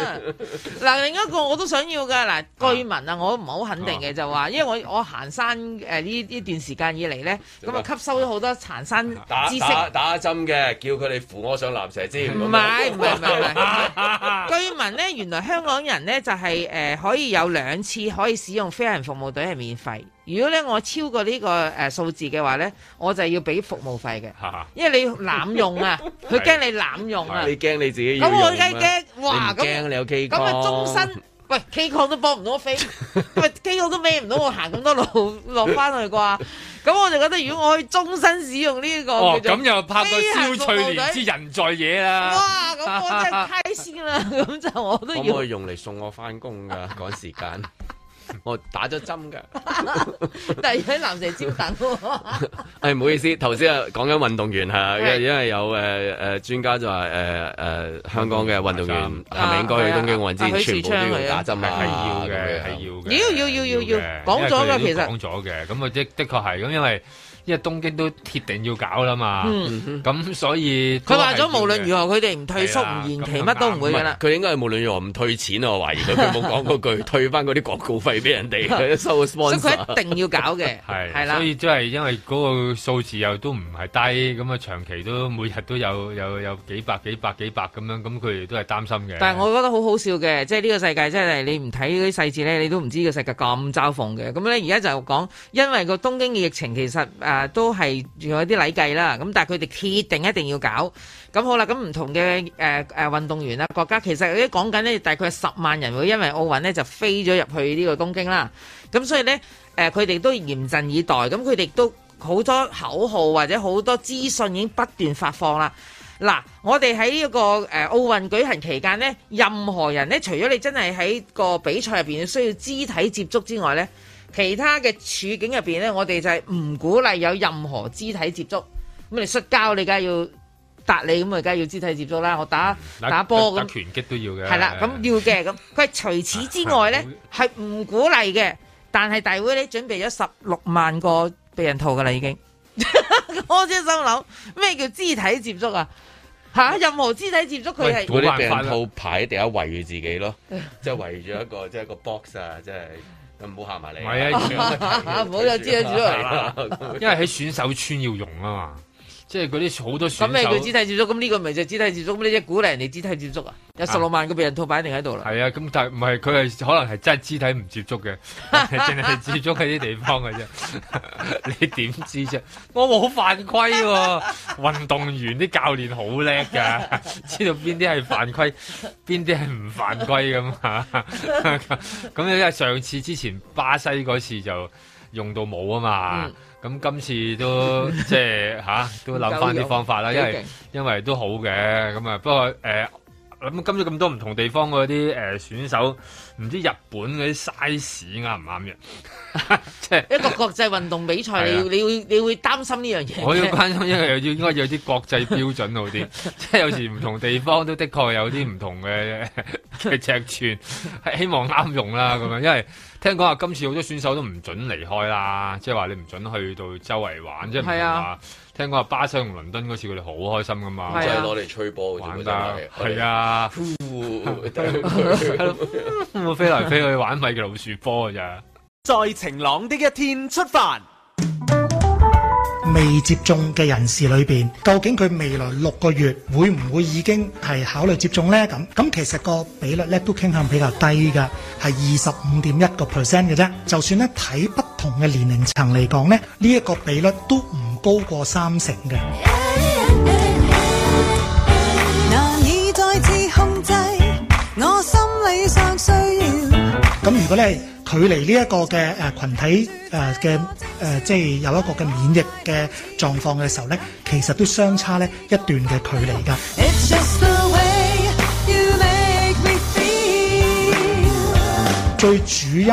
嗱， 另一個我都想要嘅，嗱，據聞啊，我唔係好肯定嘅，就話，因為我我行山誒呢呢段時間以嚟咧，咁啊吸收咗好多殘山知識，打一針嘅，叫佢哋扶我上蚺蛇尖。唔係，唔係，唔係。據聞咧，原來香港人咧就係、是、誒、呃、可以有兩次可以使用飛行服務隊係免費。如果咧我超過呢、呢個誒、呃、數字嘅話咧，我就要俾服務費嘅， 因為你濫用啊，佢驚你濫用啊。 你驚你自己咁、啊、我梗係驚，哇！咁咁咪終身喂 K 擴都幫唔到我飛，喂！K 擴都孭唔到我行咁 多路落翻去啩？咁我就覺得如果我可以終身使用呢、呢個，咁、哦哦、又拍個蕭翠蓮之人在野啦、啊！哇！咁我真係開心啦、啊！咁 就我都要可唔可以用嚟送我翻工㗎？ 趕時間。 我打咗針㗎，但係喺男神招等。誒，唔好意思，頭先啊講緊運動員吓，因為有誒誒專家就話誒誒香港嘅運動員係咪應該去東京奧運之前，啊啊，全部都要打針係，啊啊啊，要嘅，係要嘅。妖，要要要要，講咗㗎，其實講咗嘅，咁啊的的確係咁，因為。因為東京都鐵定要搞啦嘛，咁、嗯、所以佢話咗無論如何佢哋唔退縮唔延期乜都唔會噶啦。佢應該係無論如何唔退錢我懷疑佢，冇講嗰句退翻嗰啲廣告費俾人哋。sponsor 佢一定要搞嘅，係 係所以即係因為嗰個數字又都唔係低，咁啊長期都每日都有有有，有幾百幾百幾百咁樣，咁佢哋都係擔心嘅。但係我覺得好好笑嘅，即係呢個世界真係你唔睇嗰啲細節咧，你都唔知個世界咁嘲諷嘅。咁咧而家就講，因為個東京嘅疫情其實。啊，都係仲有啲禮計啦，咁但係佢哋決定一定要搞，咁好啦，咁唔同嘅誒誒運動員啦、國家，其實已經講緊呢，大概十萬人會因為奧運呢就飛咗入去呢個東京啦，咁所以呢，呃、佢哋都嚴陣以待，咁佢哋都好多口號或者好多資訊已經不斷發放啦。嗱，我哋喺呢個誒奧運舉行期間呢，任何人呢，除咗你真係喺個比賽入邊需要肢體接觸之外呢。其他嘅處境入邊咧，我哋就係唔鼓勵有任何肢體接觸。咁你摔跤，你梗係要搭你，咁啊，梗係要肢體接觸啦，我打、嗯、打波拳擊都要嘅。係啦，咁要嘅。咁佢除此之外咧，係唔鼓勵嘅。但係大會咧，準備咗十六萬個避孕套噶啦，已經。我真心諗咩叫肢體接觸啊？嚇、啊！任何肢體接觸佢係啲避孕套排，喺地下圍住自己咯， 即係圍住一個即係一個 box 啊，即係。唔好行埋嚟，係 啊，唔好就支起出嚟啦， 哭了 哭了 因為喺選手村要用啊嘛。即係嗰啲好多咁你叫肢體接觸，咁呢個咪就肢體接觸？咁你一鼓勵人哋肢體接觸啊！有十六萬個避孕套擺定喺度啦。係啊，咁但係唔係佢係可能係真係肢體唔接觸嘅，淨 係接觸喺啲地方嘅啫。 你點知啫、哦？我冇犯規喎、啊，運動員啲教練好叻噶，知道邊啲係犯規，邊啲係唔犯規咁啊？咁因為上次之前巴西嗰次就用到冇啊嘛。嗯咁今次都即係吓，都諗翻啲方法啦， 因為因為都好嘅，咁啊，不過誒諗、呃、今次咁多唔同地方嗰啲誒選手，唔知日本嗰啲 size 啱唔啱人？即 係、就是、一個國際運動比賽，你會你會你會擔心呢樣嘢？我要關心，因為應該要應該有啲國際標準好啲，即 係有時唔同地方都的確有啲唔同嘅嘅尺寸，希望啱用啦咁樣，因為。聽講話今次好多選手都唔准離開啦，即係話你唔准去到周圍玩，即係唔係話？聽講話巴西同倫敦嗰次佢哋好開心噶嘛？係啊，即係攞嚟吹波玩噶，係啊，呼呼呼呼呼飛來飛去玩咪嘅老鼠波嘅咋？在 晴朗的一,一天出發。未接種嘅人士裏邊，究竟佢未來六個月會唔會已經係考慮接種呢？咁咁其實個比率咧都傾向比較低嘅，係二十五點一個 percent 嘅啫。就算咧睇不同嘅年齡層嚟講咧，呢一個比率都唔高過三成嘅。難以再次控制，我心理上需要。咁如果咧？距離呢一個嘅羣體嘅即係有一個嘅免疫嘅狀況嘅時候咧，其實都相差咧一段嘅距離㗎。最主因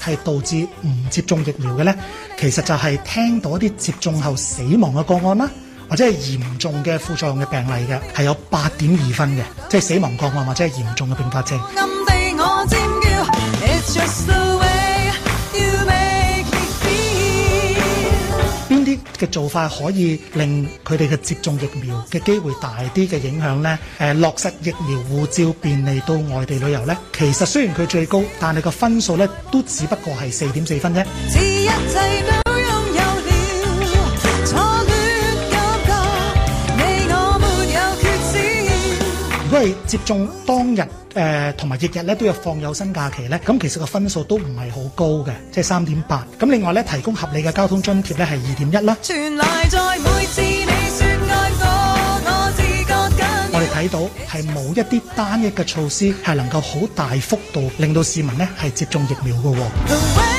係導致唔接種疫苗嘅咧，其實就係聽到一啲接種後死亡嘅個案啦，或者係嚴重嘅副作用嘅病例嘅，係有八點二分嘅，即係死亡個案或者係嚴重嘅併發症。嘅做法可以令佢哋嘅接種疫苗嘅機會大啲嘅影響咧，誒，落實疫苗護照便利到外地旅遊咧，其實雖然佢最高，但係個分數咧都只不過係四點四分啫。如果係接種當日誒同埋翌日咧都有放有薪假期咧，咁其實個分數都唔係好高嘅，即係三點八。咁另外咧，提供合理嘅交通津貼咧係二點一啦。我哋睇到係冇一啲單一嘅措施係能夠好大幅度令到市民咧係接種疫苗嘅。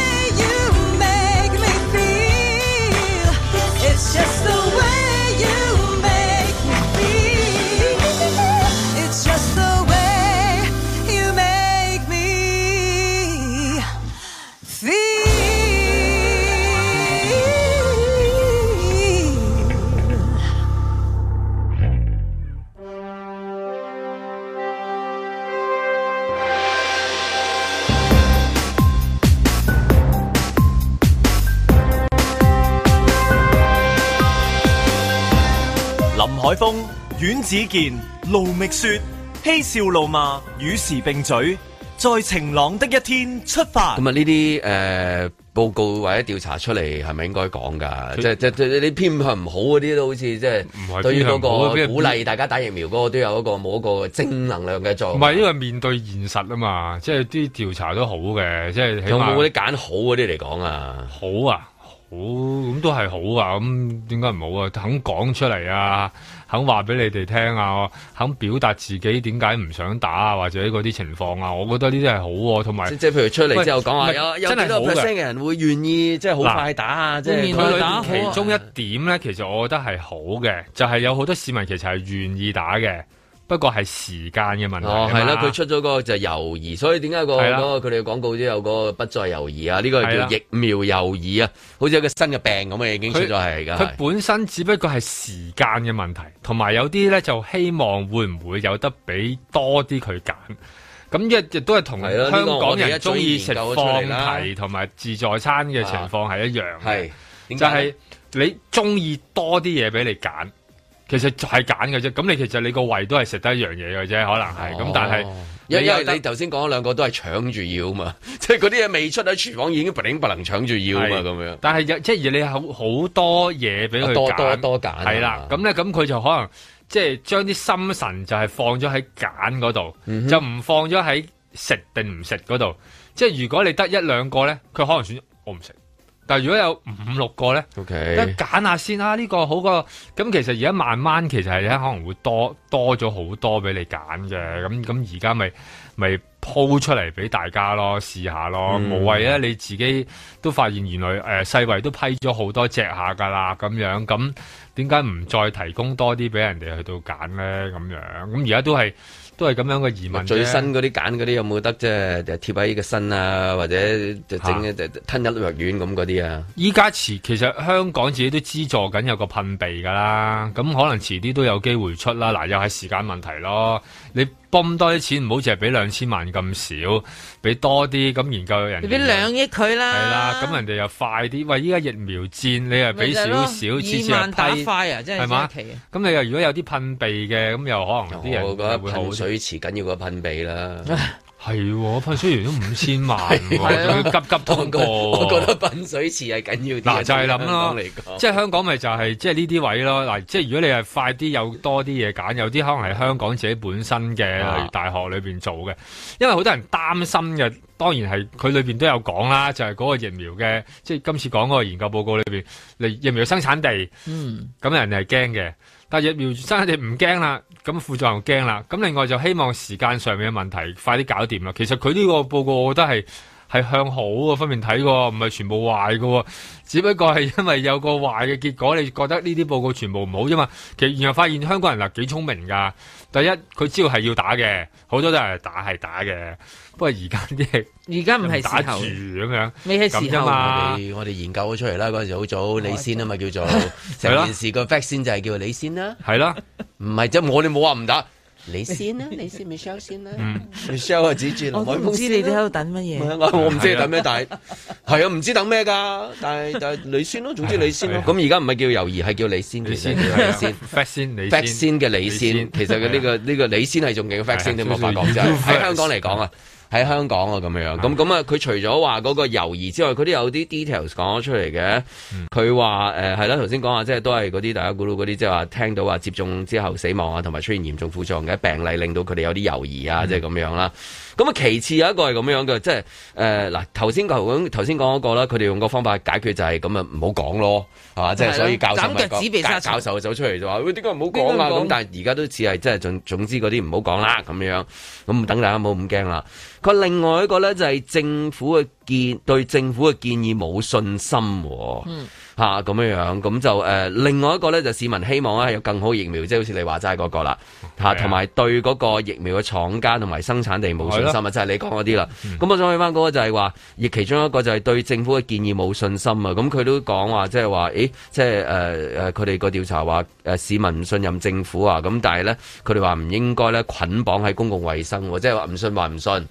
子健、盧覓雪：「嬉笑怒罵與時並進，在晴朗的一天出發。咁啊，呢啲誒報告或者調查出嚟係咪應該講噶？即係即係啲偏向唔好嗰啲都好似即係對於嗰個鼓勵大家打疫苗嗰個都有一個冇一個正能量嘅作用。唔係，因為面對現實啊嘛，即係啲調查都好嘅，即係起碼有冇啲揀好嗰啲嚟講啊？好啊，好咁都係好啊，咁點解唔好啊？肯講出嚟啊？肯話俾你哋聽啊，肯表達自己點解唔想打啊，或者嗰啲情況啊，我覺得呢啲係好喎，同埋即係譬如出嚟之後講話有有幾多 percent 嘅人會願意即係好快打啊，即係面對打其中一點咧，其實我覺得係好嘅，就係、是、有好多市民其實係願意打嘅。不過係時間嘅問題。哦，係啦，佢出咗個就係猶豫，所以點解、嗰個、嗰個佢哋廣告都有個不再猶豫啊？呢、呢個叫疫苗猶豫啊，好似一個新嘅病咁啊，已經出咗係而家佢本身只不過係時間嘅問題，同埋有啲咧就希望會唔會有得俾多啲佢揀。咁亦亦都係同香港人中意食放題同埋自助餐嘅情況係一樣嘅，啊，就係、係、你中意多啲嘢俾你揀。其實就係揀嘅啫，咁你其實你個胃都係食得一樣嘢嘅啫，可能係，咁、哦、但係，因為你頭先講咗兩個都係搶住要嘛，即係嗰啲嘢未出喺廚房已經不能搶住要嘛，咁樣。但係即係而你好好多嘢俾佢揀，多多揀係啦，咁咧咁佢就可能即係將啲心神就係放咗喺揀嗰度，嗯、就唔放咗喺食定唔食嗰度。即係如果你得一兩個咧，佢可能選我唔食。但如果有五六個咧，okay. 一揀下先啦，呢、呢個好過。咁其實而家慢慢其實係可能會多多咗好多俾你揀嘅。咁咁而家咪咪鋪出嚟俾大家咯，試下咯。嗯、無謂咧，你自己都發現原來誒、呃、世衛都批咗好多隻下㗎啦。咁樣咁點解唔再提供多啲俾人哋去到揀咧？咁樣咁而家都係。都係咁樣嘅疑問。最新嗰啲揀嗰啲有冇得即係貼喺個身啊？或者就整啊，就吞一粒藥丸咁嗰啲啊？依家遲其實香港自己都資助緊有個噴鼻㗎啦，咁可能遲啲都有機會出啦。嗱，又係時間問題咯。你泵多啲錢唔好淨係俾兩千萬咁少，俾多啲咁研究人家，你俾兩億佢啦。係啦，咁人哋又快啲。喂，依家疫苗戰，你又俾少少，就是、次次拍快啊，真係咁、啊、你又如果有啲噴鼻嘅，咁又可能啲人口水池緊要過噴鼻啦。 係喎、啊，噴水源都五千萬、啊，佢、 啊、急急通過、啊。我覺得噴水池係緊要啲。嗱、啊，就係諗囉，嚟 即係香港咪就係即係呢啲位咯。嗱，即係如果你係快啲有多啲嘢揀，有啲可能係香港自己本身嘅大學裏面做嘅。因為好多人擔心嘅，當然係佢裏面都有講啦，就係、是、嗰個疫苗嘅，即係今次講嗰個研究報告裏面，疫苗生產地。嗯，咁人哋係驚嘅。但疫苗生你唔驚啦，咁副作用又驚啦，咁另外就希望時間上面嘅問題快啲搞掂啦。其實佢呢個報告，我覺得係。係向好嘅方面睇喎，唔係全部壞嘅，只不過係因為有個壞嘅結果，你覺得呢啲報告全部唔好啫嘛。其實然後發現香港人嗱幾聰明噶，第一佢知道係要打嘅，好多都係打係打嘅，不過不不而家啲而家唔係打住咁樣，咩啲事啫嘛。我哋研究咗出嚟啦，嗰陣時好早，李先啊嘛叫做，成件事個 fact 先就係叫做李先啦，係啦，唔係即我哋冇話唔打。你先啦、啊，你先未 show 先啦，未 show 啊，指住我唔知你哋喺度等乜嘢，我唔知你等咩、 啊，但係係啊，唔知等咩噶，但係但係你先咯、啊，總之你先咯、啊，咁而家唔係叫猶豫，係叫你先，你、 啊、先，你先 back 先，你 back 嘅你先，其實嘅、呢、呢個呢、呢個你先係仲勁，back 先點樣發講喺香港嚟講啊。 喺香港啊，咁樣咁咁啊，佢除咗話嗰個猶豫之外，佢、嗯呃、都有啲 details 講咗出嚟嘅。佢話誒係啦，頭先講話即係都係嗰啲大家估到嗰啲，即係話聽到話接種之後死亡啊，同埋出現嚴重副作用嘅病例，令到佢哋有啲猶豫啊，即係咁樣啦。咁啊，其次有一個係咁樣嘅，即係誒嗱，頭先頭講頭先講嗰個啦，佢哋用個方法解決就係咁啊，唔好講咯，係嘛？即係所以教授教授走出嚟就話：喂、欸，點解唔好講啊？咁但係而家都似係即係總總之嗰啲唔好講啦，咁樣咁等大家唔好咁驚啦。佢另外一個咧就係、是、政府嘅建對政府嘅建議冇信心、哦。嗯。吓咁樣樣，咁就誒、呃，另外一個咧就市民希望咧有更好疫苗，即係好似你話齋嗰個啦，吓，同埋對嗰個疫苗嘅廠家同埋生產地冇信心啊，即係你講嗰啲啦。咁、嗯、我想問翻嗰個就係話，亦其中一個就係對政府嘅建議冇信心啊。咁佢都講話即係話，誒，即係誒誒，佢哋個調查話誒市民唔信任政府、就是、 啊。咁但係咧，佢哋話唔應該咧捆綁喺公共衛生，即係話唔信話唔信？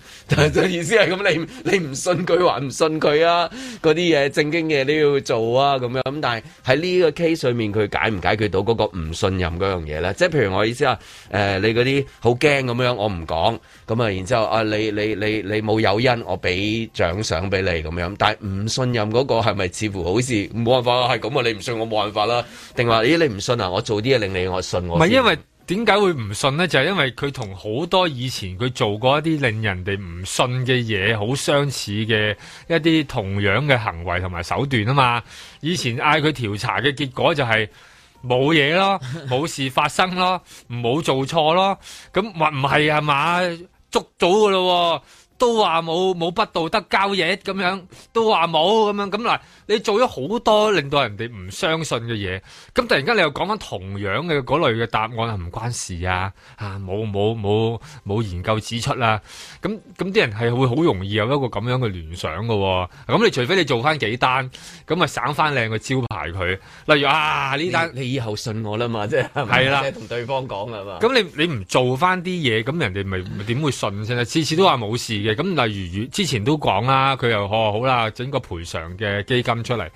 就意思係咁，你你唔信佢話唔信佢啊？嗰啲嘢正經嘢你要做啊，咁咁但係喺呢個 case 上面，佢解唔解決到嗰個唔信任嗰樣嘢咧？即係譬如我意思啊，誒、呃、你嗰啲好驚咁樣，我唔講咁啊，然之後啊，你你你你冇有，誘因，我俾獎賞俾你咁樣。但係唔信任嗰個係咪似乎好似冇辦法啊？係咁啊，你唔信我冇辦法啦，定話咦你唔信啊？我做啲嘢令你我信我。唔係因為。點解會唔信呢？就係因為佢同好多以前佢做過一啲令人哋唔信嘅嘢，好相似嘅一啲同樣嘅行為同埋手段啊嘛！以前嗌佢調查嘅結果就係冇嘢咯，冇事發生咯，唔好做錯咯。咁唔係唔係係嘛？捉到噶咯，都話冇冇不道德交易咁樣，都話冇咁樣咁嗱。你做咗好多令到人哋唔相信嘅嘢，咁突然間你又講返同樣嘅嗰類嘅答案係唔關事啊，嚇冇冇冇冇研究指出啦、啊，咁咁啲人係會好容易有一個咁樣嘅聯想嘅、啊，咁你除非你做翻幾單，咁咪省翻靚個招牌佢，例如啊呢單你，你以後信我啦嘛，即係係啦，同對方講啊嘛。咁你你唔做翻啲嘢，咁人哋咪點會信先啊？次次都話冇事嘅，咁例如之前都講啦，佢又話好啦，整個賠償嘅基金。出嚟，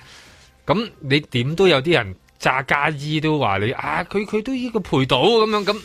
咁你點都有啲人詐假意都話你啊，佢佢都依個賠到咁樣咁，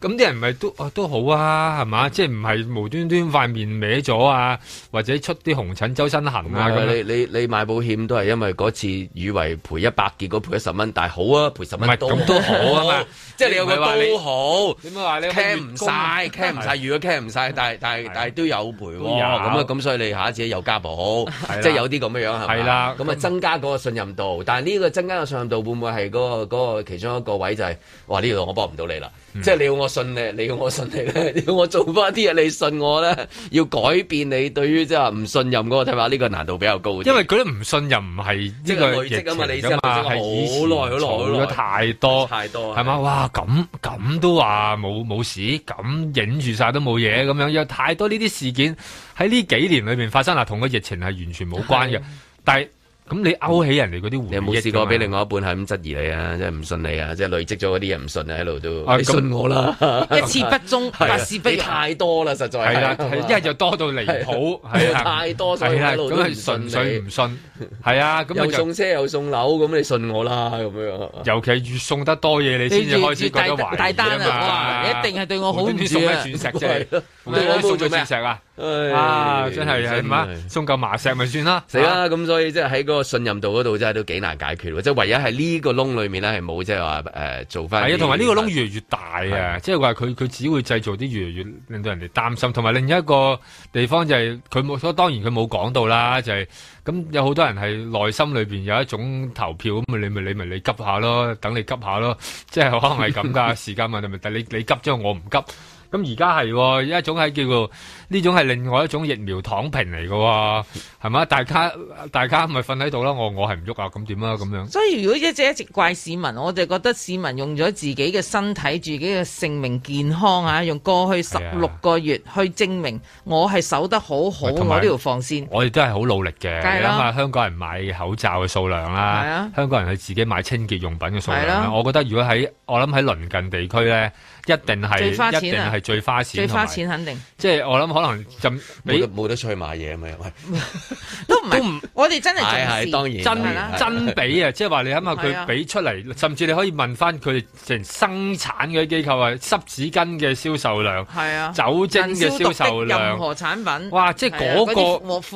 咁啲人咪都、啊、都好啊，係嘛？即係唔係無端端塊面歪咗啊，或者出啲紅疹周身痕啊？你你你買保險都係因為嗰次以為賠一百，結果賠十蚊，但係好啊，賠十蚊都咁都好啊嘛。即係你有個高好，點解話你 c 唔晒，c 唔晒，如果 c 唔晒，但係 但係但係都有賠咁啊，咁所以你下一次有家加好，即 係、就是、有啲咁嘅樣係嘛？係啦。咁啊，增加嗰個信任度。但係呢個增加個信任度會唔會係嗰個其中一個位就係、是、哇？呢度我幫唔到你啦、嗯。即係你要我信你，你要我信你咧，要我做翻啲嘢，你信我咧，要改變你對於即係話唔信任嗰個睇法，呢、這個難度比較高。因為佢啲唔信任唔係即係累積啊嘛，你先係好耐好耐，錯咗太多，太多係嘛？哇！咁、啊、咁都話冇，冇事，咁影住晒都冇嘢咁樣，有太多呢啲事件喺呢幾年裏面發生，喇，同個疫情係完全冇關嘅，但係咁你勾起人哋嗰啲狐，你有冇試過俾另外一半係咁質疑你啊？即係唔信你啊！即係累積咗嗰啲人唔信啊，一路都你信我啦， 一次不忠，百 事，啊、不太多啦，實在係啦，一係就多到離譜，係，啊啊啊啊啊、太多，啊、所以一路都唔信，啊、信。係 啊，咁又送車又送樓，咁你信我啦，咁樣，啊。尤其係越送得多嘢，你先至開始覺得懷疑越越大大啊嘛！啊啊啊你一定係對我好唔住啫。我送咗鑽石， 石啊！啊！真係係嘛，送嚿麻石咪算啦，死啦！咁所以即係喺個信任度嗰度，真係都幾難解決。即係唯一係呢個窿裏面咧，係冇即係話誒做翻。係啊，同埋呢個窿越嚟越大啊！即係話佢佢只會製造啲越嚟越令到人哋擔心。同埋另一個地方就係佢冇，當然佢冇講到啦。就係咁有好多人係內心裏邊有一種投票咁啊，你咪你咪你急下咯，等你急下咯，即係可能係咁噶時間問題。咪但係你你急咗，我唔急。咁而家係而家一種係叫做呢種係另外一種疫苗躺平嚟㗎喎，係嘛？大家大家咪瞓喺度啦，我我係唔喐啊，咁點啊咁樣。所以如果一直一直怪市民，我就覺得市民用咗自己嘅身體、自己嘅性命、健康啊，用過去十六個月去證明我係守得好好、啊、我呢條防線，我哋都係好努力嘅。梗係啦。諗下香港人買口罩嘅數量啦，香港人去自己買清潔用品嘅數量。我覺得如果喺我諗喺鄰近地區咧。一定係一定係最花錢，啊、最，花錢最花錢肯定。即係、就是、我諗可能就冇得，得出去買嘢 不是 啊嘛，又係都唔，我哋真係真真真比啊！即係話你諗下佢俾出嚟、啊，甚至你可以問翻佢哋成生產嘅機構啊，濕紙巾嘅銷售量，係啊，酒精嘅銷售量，任何產品，哇！即係嗰、那個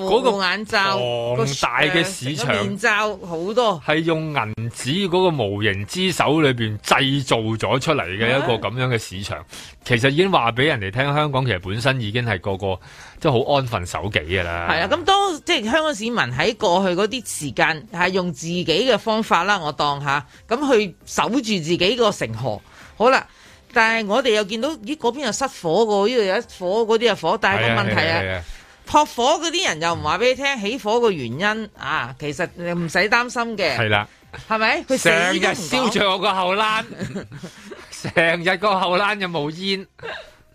嗰個、啊、眼罩，咁、那個、大嘅市場，呃、面罩好多，係用銀紙嗰個無形之手裏邊製造咗出嚟嘅、啊、一個咁樣嘅。市場其實已經話俾人哋聽，香港其實本身已經係個個即係好安分守己嘅啦。係啊，咁當即係香港市民喺過去嗰啲時間係用自己嘅方法啦，我當下咁去守住自己個城河。好啦，但係我哋又見到咦，嗰邊又失火的、這個失火的，呢度有火，嗰啲又火。但係個問題啊，撲、啊啊啊、火嗰啲人又唔話俾你聽、嗯、起火個原因啊，其實你唔使擔心嘅。係啦、啊，係咪？佢成日燒着我個後欄。 成日個後欄又冇煙，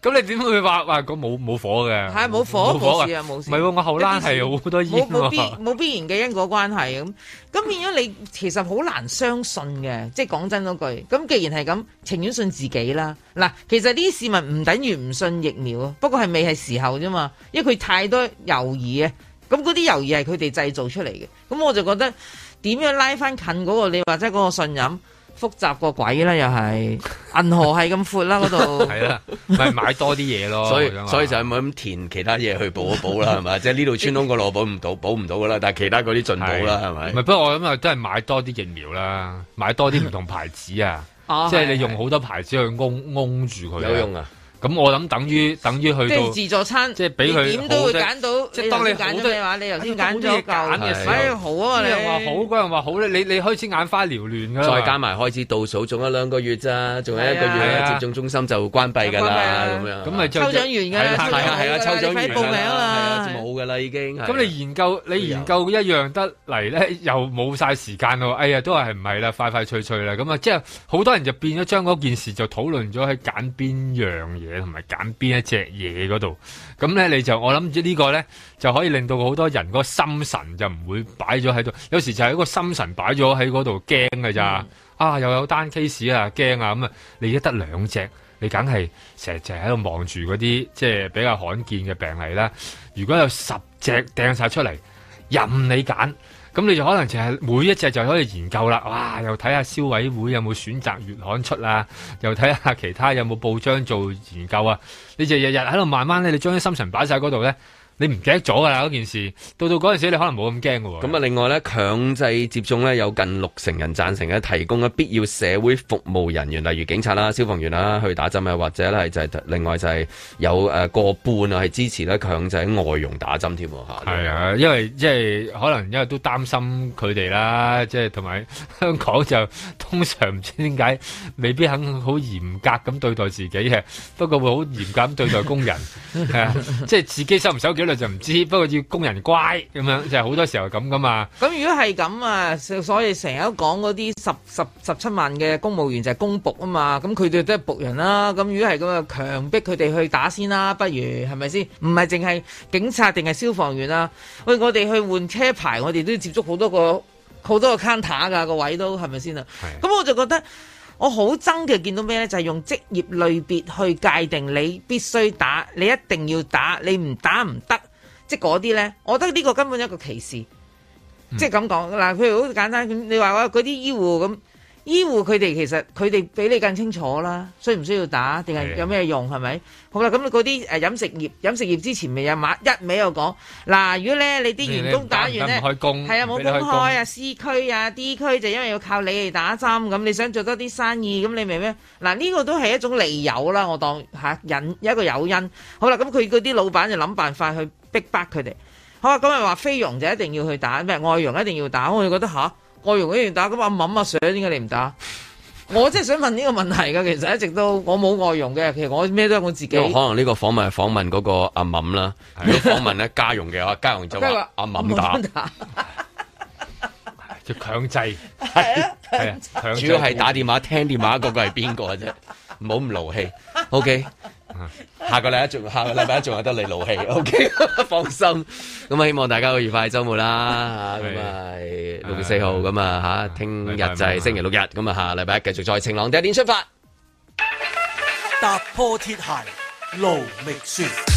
咁你點會話話個冇冇火嘅？係冇火，冇事啊，冇事。唔係喎，我後欄係好多煙喎、啊。冇必，必然嘅因果關係咁，咁變咗你其實好難相信嘅。即係講真嗰句，咁既然係咁，情願信自己啦。嗱，其實啲市民唔等於唔信疫苗啊，不過係未係時候啫嘛，因為佢太多猶豫。啊。咁嗰啲猶豫係佢哋製造出嚟嘅。咁我就覺得點樣拉翻近嗰個你或者嗰個信任？複雜過鬼啦，又係銀河系咁闊啦，嗰度係啦，咪、 就是、買多啲嘢咯，所以所以就冇咁填其他嘢去補一補啦，係 咪？即係呢度穿窿個落補唔到，補唔到噶啦，但係其他嗰啲盡補啦，係 咪？係，不過我諗啊，真係買多啲疫苗啦，買多啲唔同牌子啊， 啊，即係你用好多牌子去擁 住佢，有用啊。咁、嗯、我諗等於等於去做自助餐，即係俾佢點都會揀到。即當你揀咗咩話，你頭先揀咗嚿，好啊你好好好！你話好嗰人話好你你開始眼花撩亂再加埋開始倒數，仲有兩個月咋，仲有一個月接種中心就關閉㗎啦。咁咁咪抽獎完㗎，係啦係啦，抽獎完啦，冇㗎啦已經。咁你研究你研究一樣得嚟咧，又冇晒時間喎。哎呀，都係唔係啦，快快脆脆啦。咁啊，即係好多人就變咗將嗰件事就討論咗喺揀邊樣嘢。同埋揀邊一隻嘢嗰度，咁咧你就我諗住呢個咧就可以令到好多人個心神就唔會擺咗喺度，有時就係一個心神擺咗喺嗰度驚㗎咋，啊又有單 case 啊，驚啊咁啊，你一得兩隻，你梗係成日淨係喺度望住嗰啲即係比較罕見嘅病例啦。如果有十隻掟晒出嚟，任你揀。咁你就可能就係每一隻就可以研究啦，哇！又睇下消委會有冇選擇月刊出啊，又睇下其他有冇報章做研究啊，你就日日喺度慢慢咧，你將啲心神擺晒嗰度咧。你唔記得咗噶啦嗰件事，到到嗰陣時你可能冇咁驚嘅。咁啊，另外咧強制接種咧有近六成人贊成呢，提供啊必要社會服務人員，例如警察啦、啊、消防員啦、啊、去打針啊，或者呢就係、是、另外就係有誒過半啊係支持咧強制外傭打針添、啊。係啊，因為即係、就是、可能因為都擔心佢哋啦，即係同埋香港就通常唔知點解未必肯好嚴格咁對待自己嘅，不過會好嚴格咁對待工人，係 啊，即、就、係、是、自己收唔收幾？就唔知，不過要工人乖咁樣，就係、是、好多時候咁噶嘛。咁如果係咁啊，所以成日講嗰啲十十十七萬嘅公務員就係公僕啊嘛。咁佢哋都係僕人啦、啊。咁如果係咁啊，強迫佢哋去打先啦、啊，不如係咪先？唔係淨係警察定係消防員啊？喂，我哋去換車牌，我哋都接觸好多個好多個 counter 噶個位都係咪先啊？咁我就覺得。我好憎嘅，見到咩呢？就係用職業類別去界定你必須打，你一定要打，你唔打唔得，即係嗰啲呢，我覺得呢個根本一個歧視，嗯、即係咁講嗱。譬如好簡單咁，你話我嗰啲醫護咁。醫護佢哋其實佢哋比你更清楚啦，需唔需要打定係有咩用係咪？好啦，咁你嗰啲誒飲食業，飲食業之前咪有馬一尾又講嗱，如果咧你啲員工打完咧，係、嗯、啊冇公開啊，C 區啊 D 區就因為要靠你哋打針，咁你想做多啲生意，咁你明咩？嗱呢、這個都係一種利誘啦，我當、啊、引一個誘因。好啦，咁佢嗰啲老闆就諗辦法去逼迫佢哋。好啦，咁又話菲傭就一定要去打，咩外傭一定要打，我就覺得吓。啊外傭一樣打，咁阿敏啊 Sir，點解你唔打？我真係想問呢個問題噶其實一直都我冇外傭嘅，其實我咩都係我自己。我可能呢個訪問係訪問嗰個阿敏啦，如果訪問咧家傭嘅話，阿家傭就阿敏打，就強 強制。係 啊，主要係打電話 聽電話，嗰個係邊個啫，唔好咁勞氣。O K。下個禮拜一仲下個禮拜一仲有得嚟勞氣，OK，放心。咁啊，希望大家好愉快周末啦。咁啊，六月四號咁啊，吓，聽日就係星期六日。咁啊，下禮拜一繼續再晴朗第一點出發，踏破鐵鞋勞命損。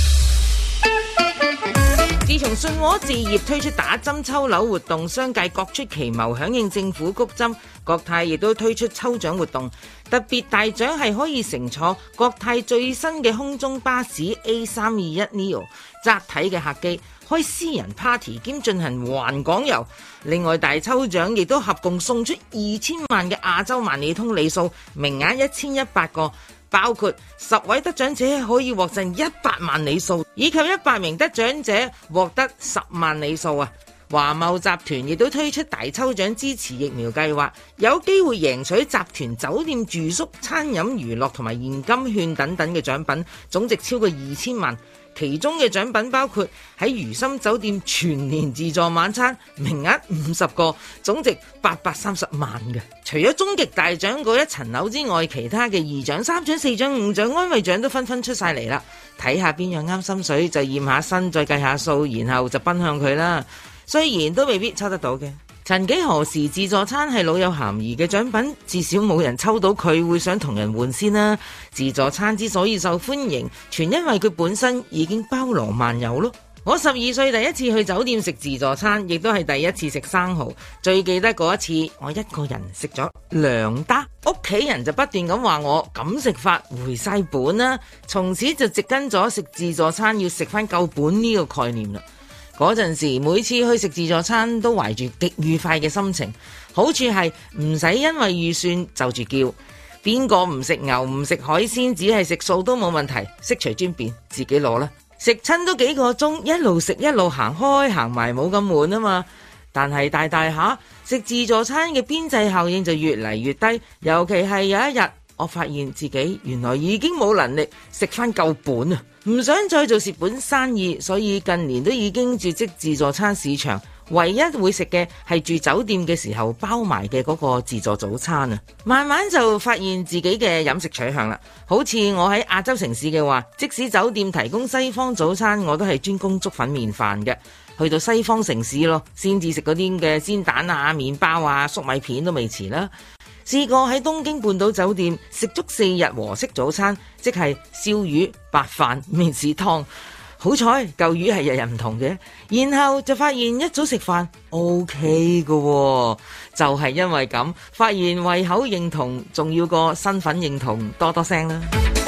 自從信和置業推出打針抽樓活動，商界各出奇謀響應政府谷針。國泰亦都推出抽獎活動，特別大獎係可以乘坐國泰最新嘅空中巴士 A 三二一 neo 窄體嘅客機，開私人 party 兼進行環港遊。另外大抽獎亦都合共送出二千萬嘅亞洲萬里通里數，名額一千一百個。包括十位得獎者可以獲贈一百萬里數，以及一百名得獎者獲得十萬里數啊！華茂集團亦都推出大抽獎支持疫苗計劃，有機會贏取集團酒店住宿、餐飲、娛樂同埋現金券等等嘅獎品，總值超過二千萬。其中嘅獎品包括喺如心酒店全年自助晚餐，名額五十個，總值八百三十萬嘅。除咗終極大獎嗰一層樓之外，其他嘅二獎、三獎、四獎、五獎、安慰獎都紛紛出晒嚟啦。睇下邊樣啱心水，就驗下身，再計下數，然後就奔向佢啦。雖然都未必抽得到嘅。曾幾何時，自助餐係老幼咸宜嘅獎品，至少冇人抽到佢會想同人換先啦、啊。自助餐之所以受歡迎，全因為佢本身已經包羅萬有咯。我十二歲第一次去酒店食自助餐，亦都係第一次食生蠔。最記得嗰一次，我一個人食咗兩打，屋企人就不斷咁話我咁食法回晒本啦、啊。從此就植根咗食自助餐要食翻夠本呢個概念啦。嗰陣時，每次去食自助餐都懷住極愉快嘅心情，好處係唔使因為預算就住叫，邊個唔食牛唔食海鮮，只係食素都冇問題，悉隨尊便，自己攞啦，食親都幾個鐘，一路食一路行開行埋冇咁悶啊嘛，但係大大下食自助餐嘅邊際效應就越嚟越低，尤其係有一日。我發現自己原來已經冇能力食翻夠本啊！唔想再做蝕本生意，所以近年都已經絕跡自助餐市場。唯一會食嘅係住酒店嘅時候包埋嘅嗰個自助早餐啊！慢慢就發現自己嘅飲食取向啦。好似我喺亞洲城市嘅話，即使酒店提供西方早餐，我都係專攻粥粉麵飯嘅。去到西方城市咯，先至食嗰啲嘅煎蛋啊、麵包啊、粟米片都未遲啦。試過喺東京半島酒店食足四日和式早餐，即係燒魚、白飯、麵豉湯。好彩嚿魚係日日唔同嘅，然後就發現一早食飯 O K 嘅，就係、是、因為咁，發現胃口認同重要過身份認同，多多聲啦～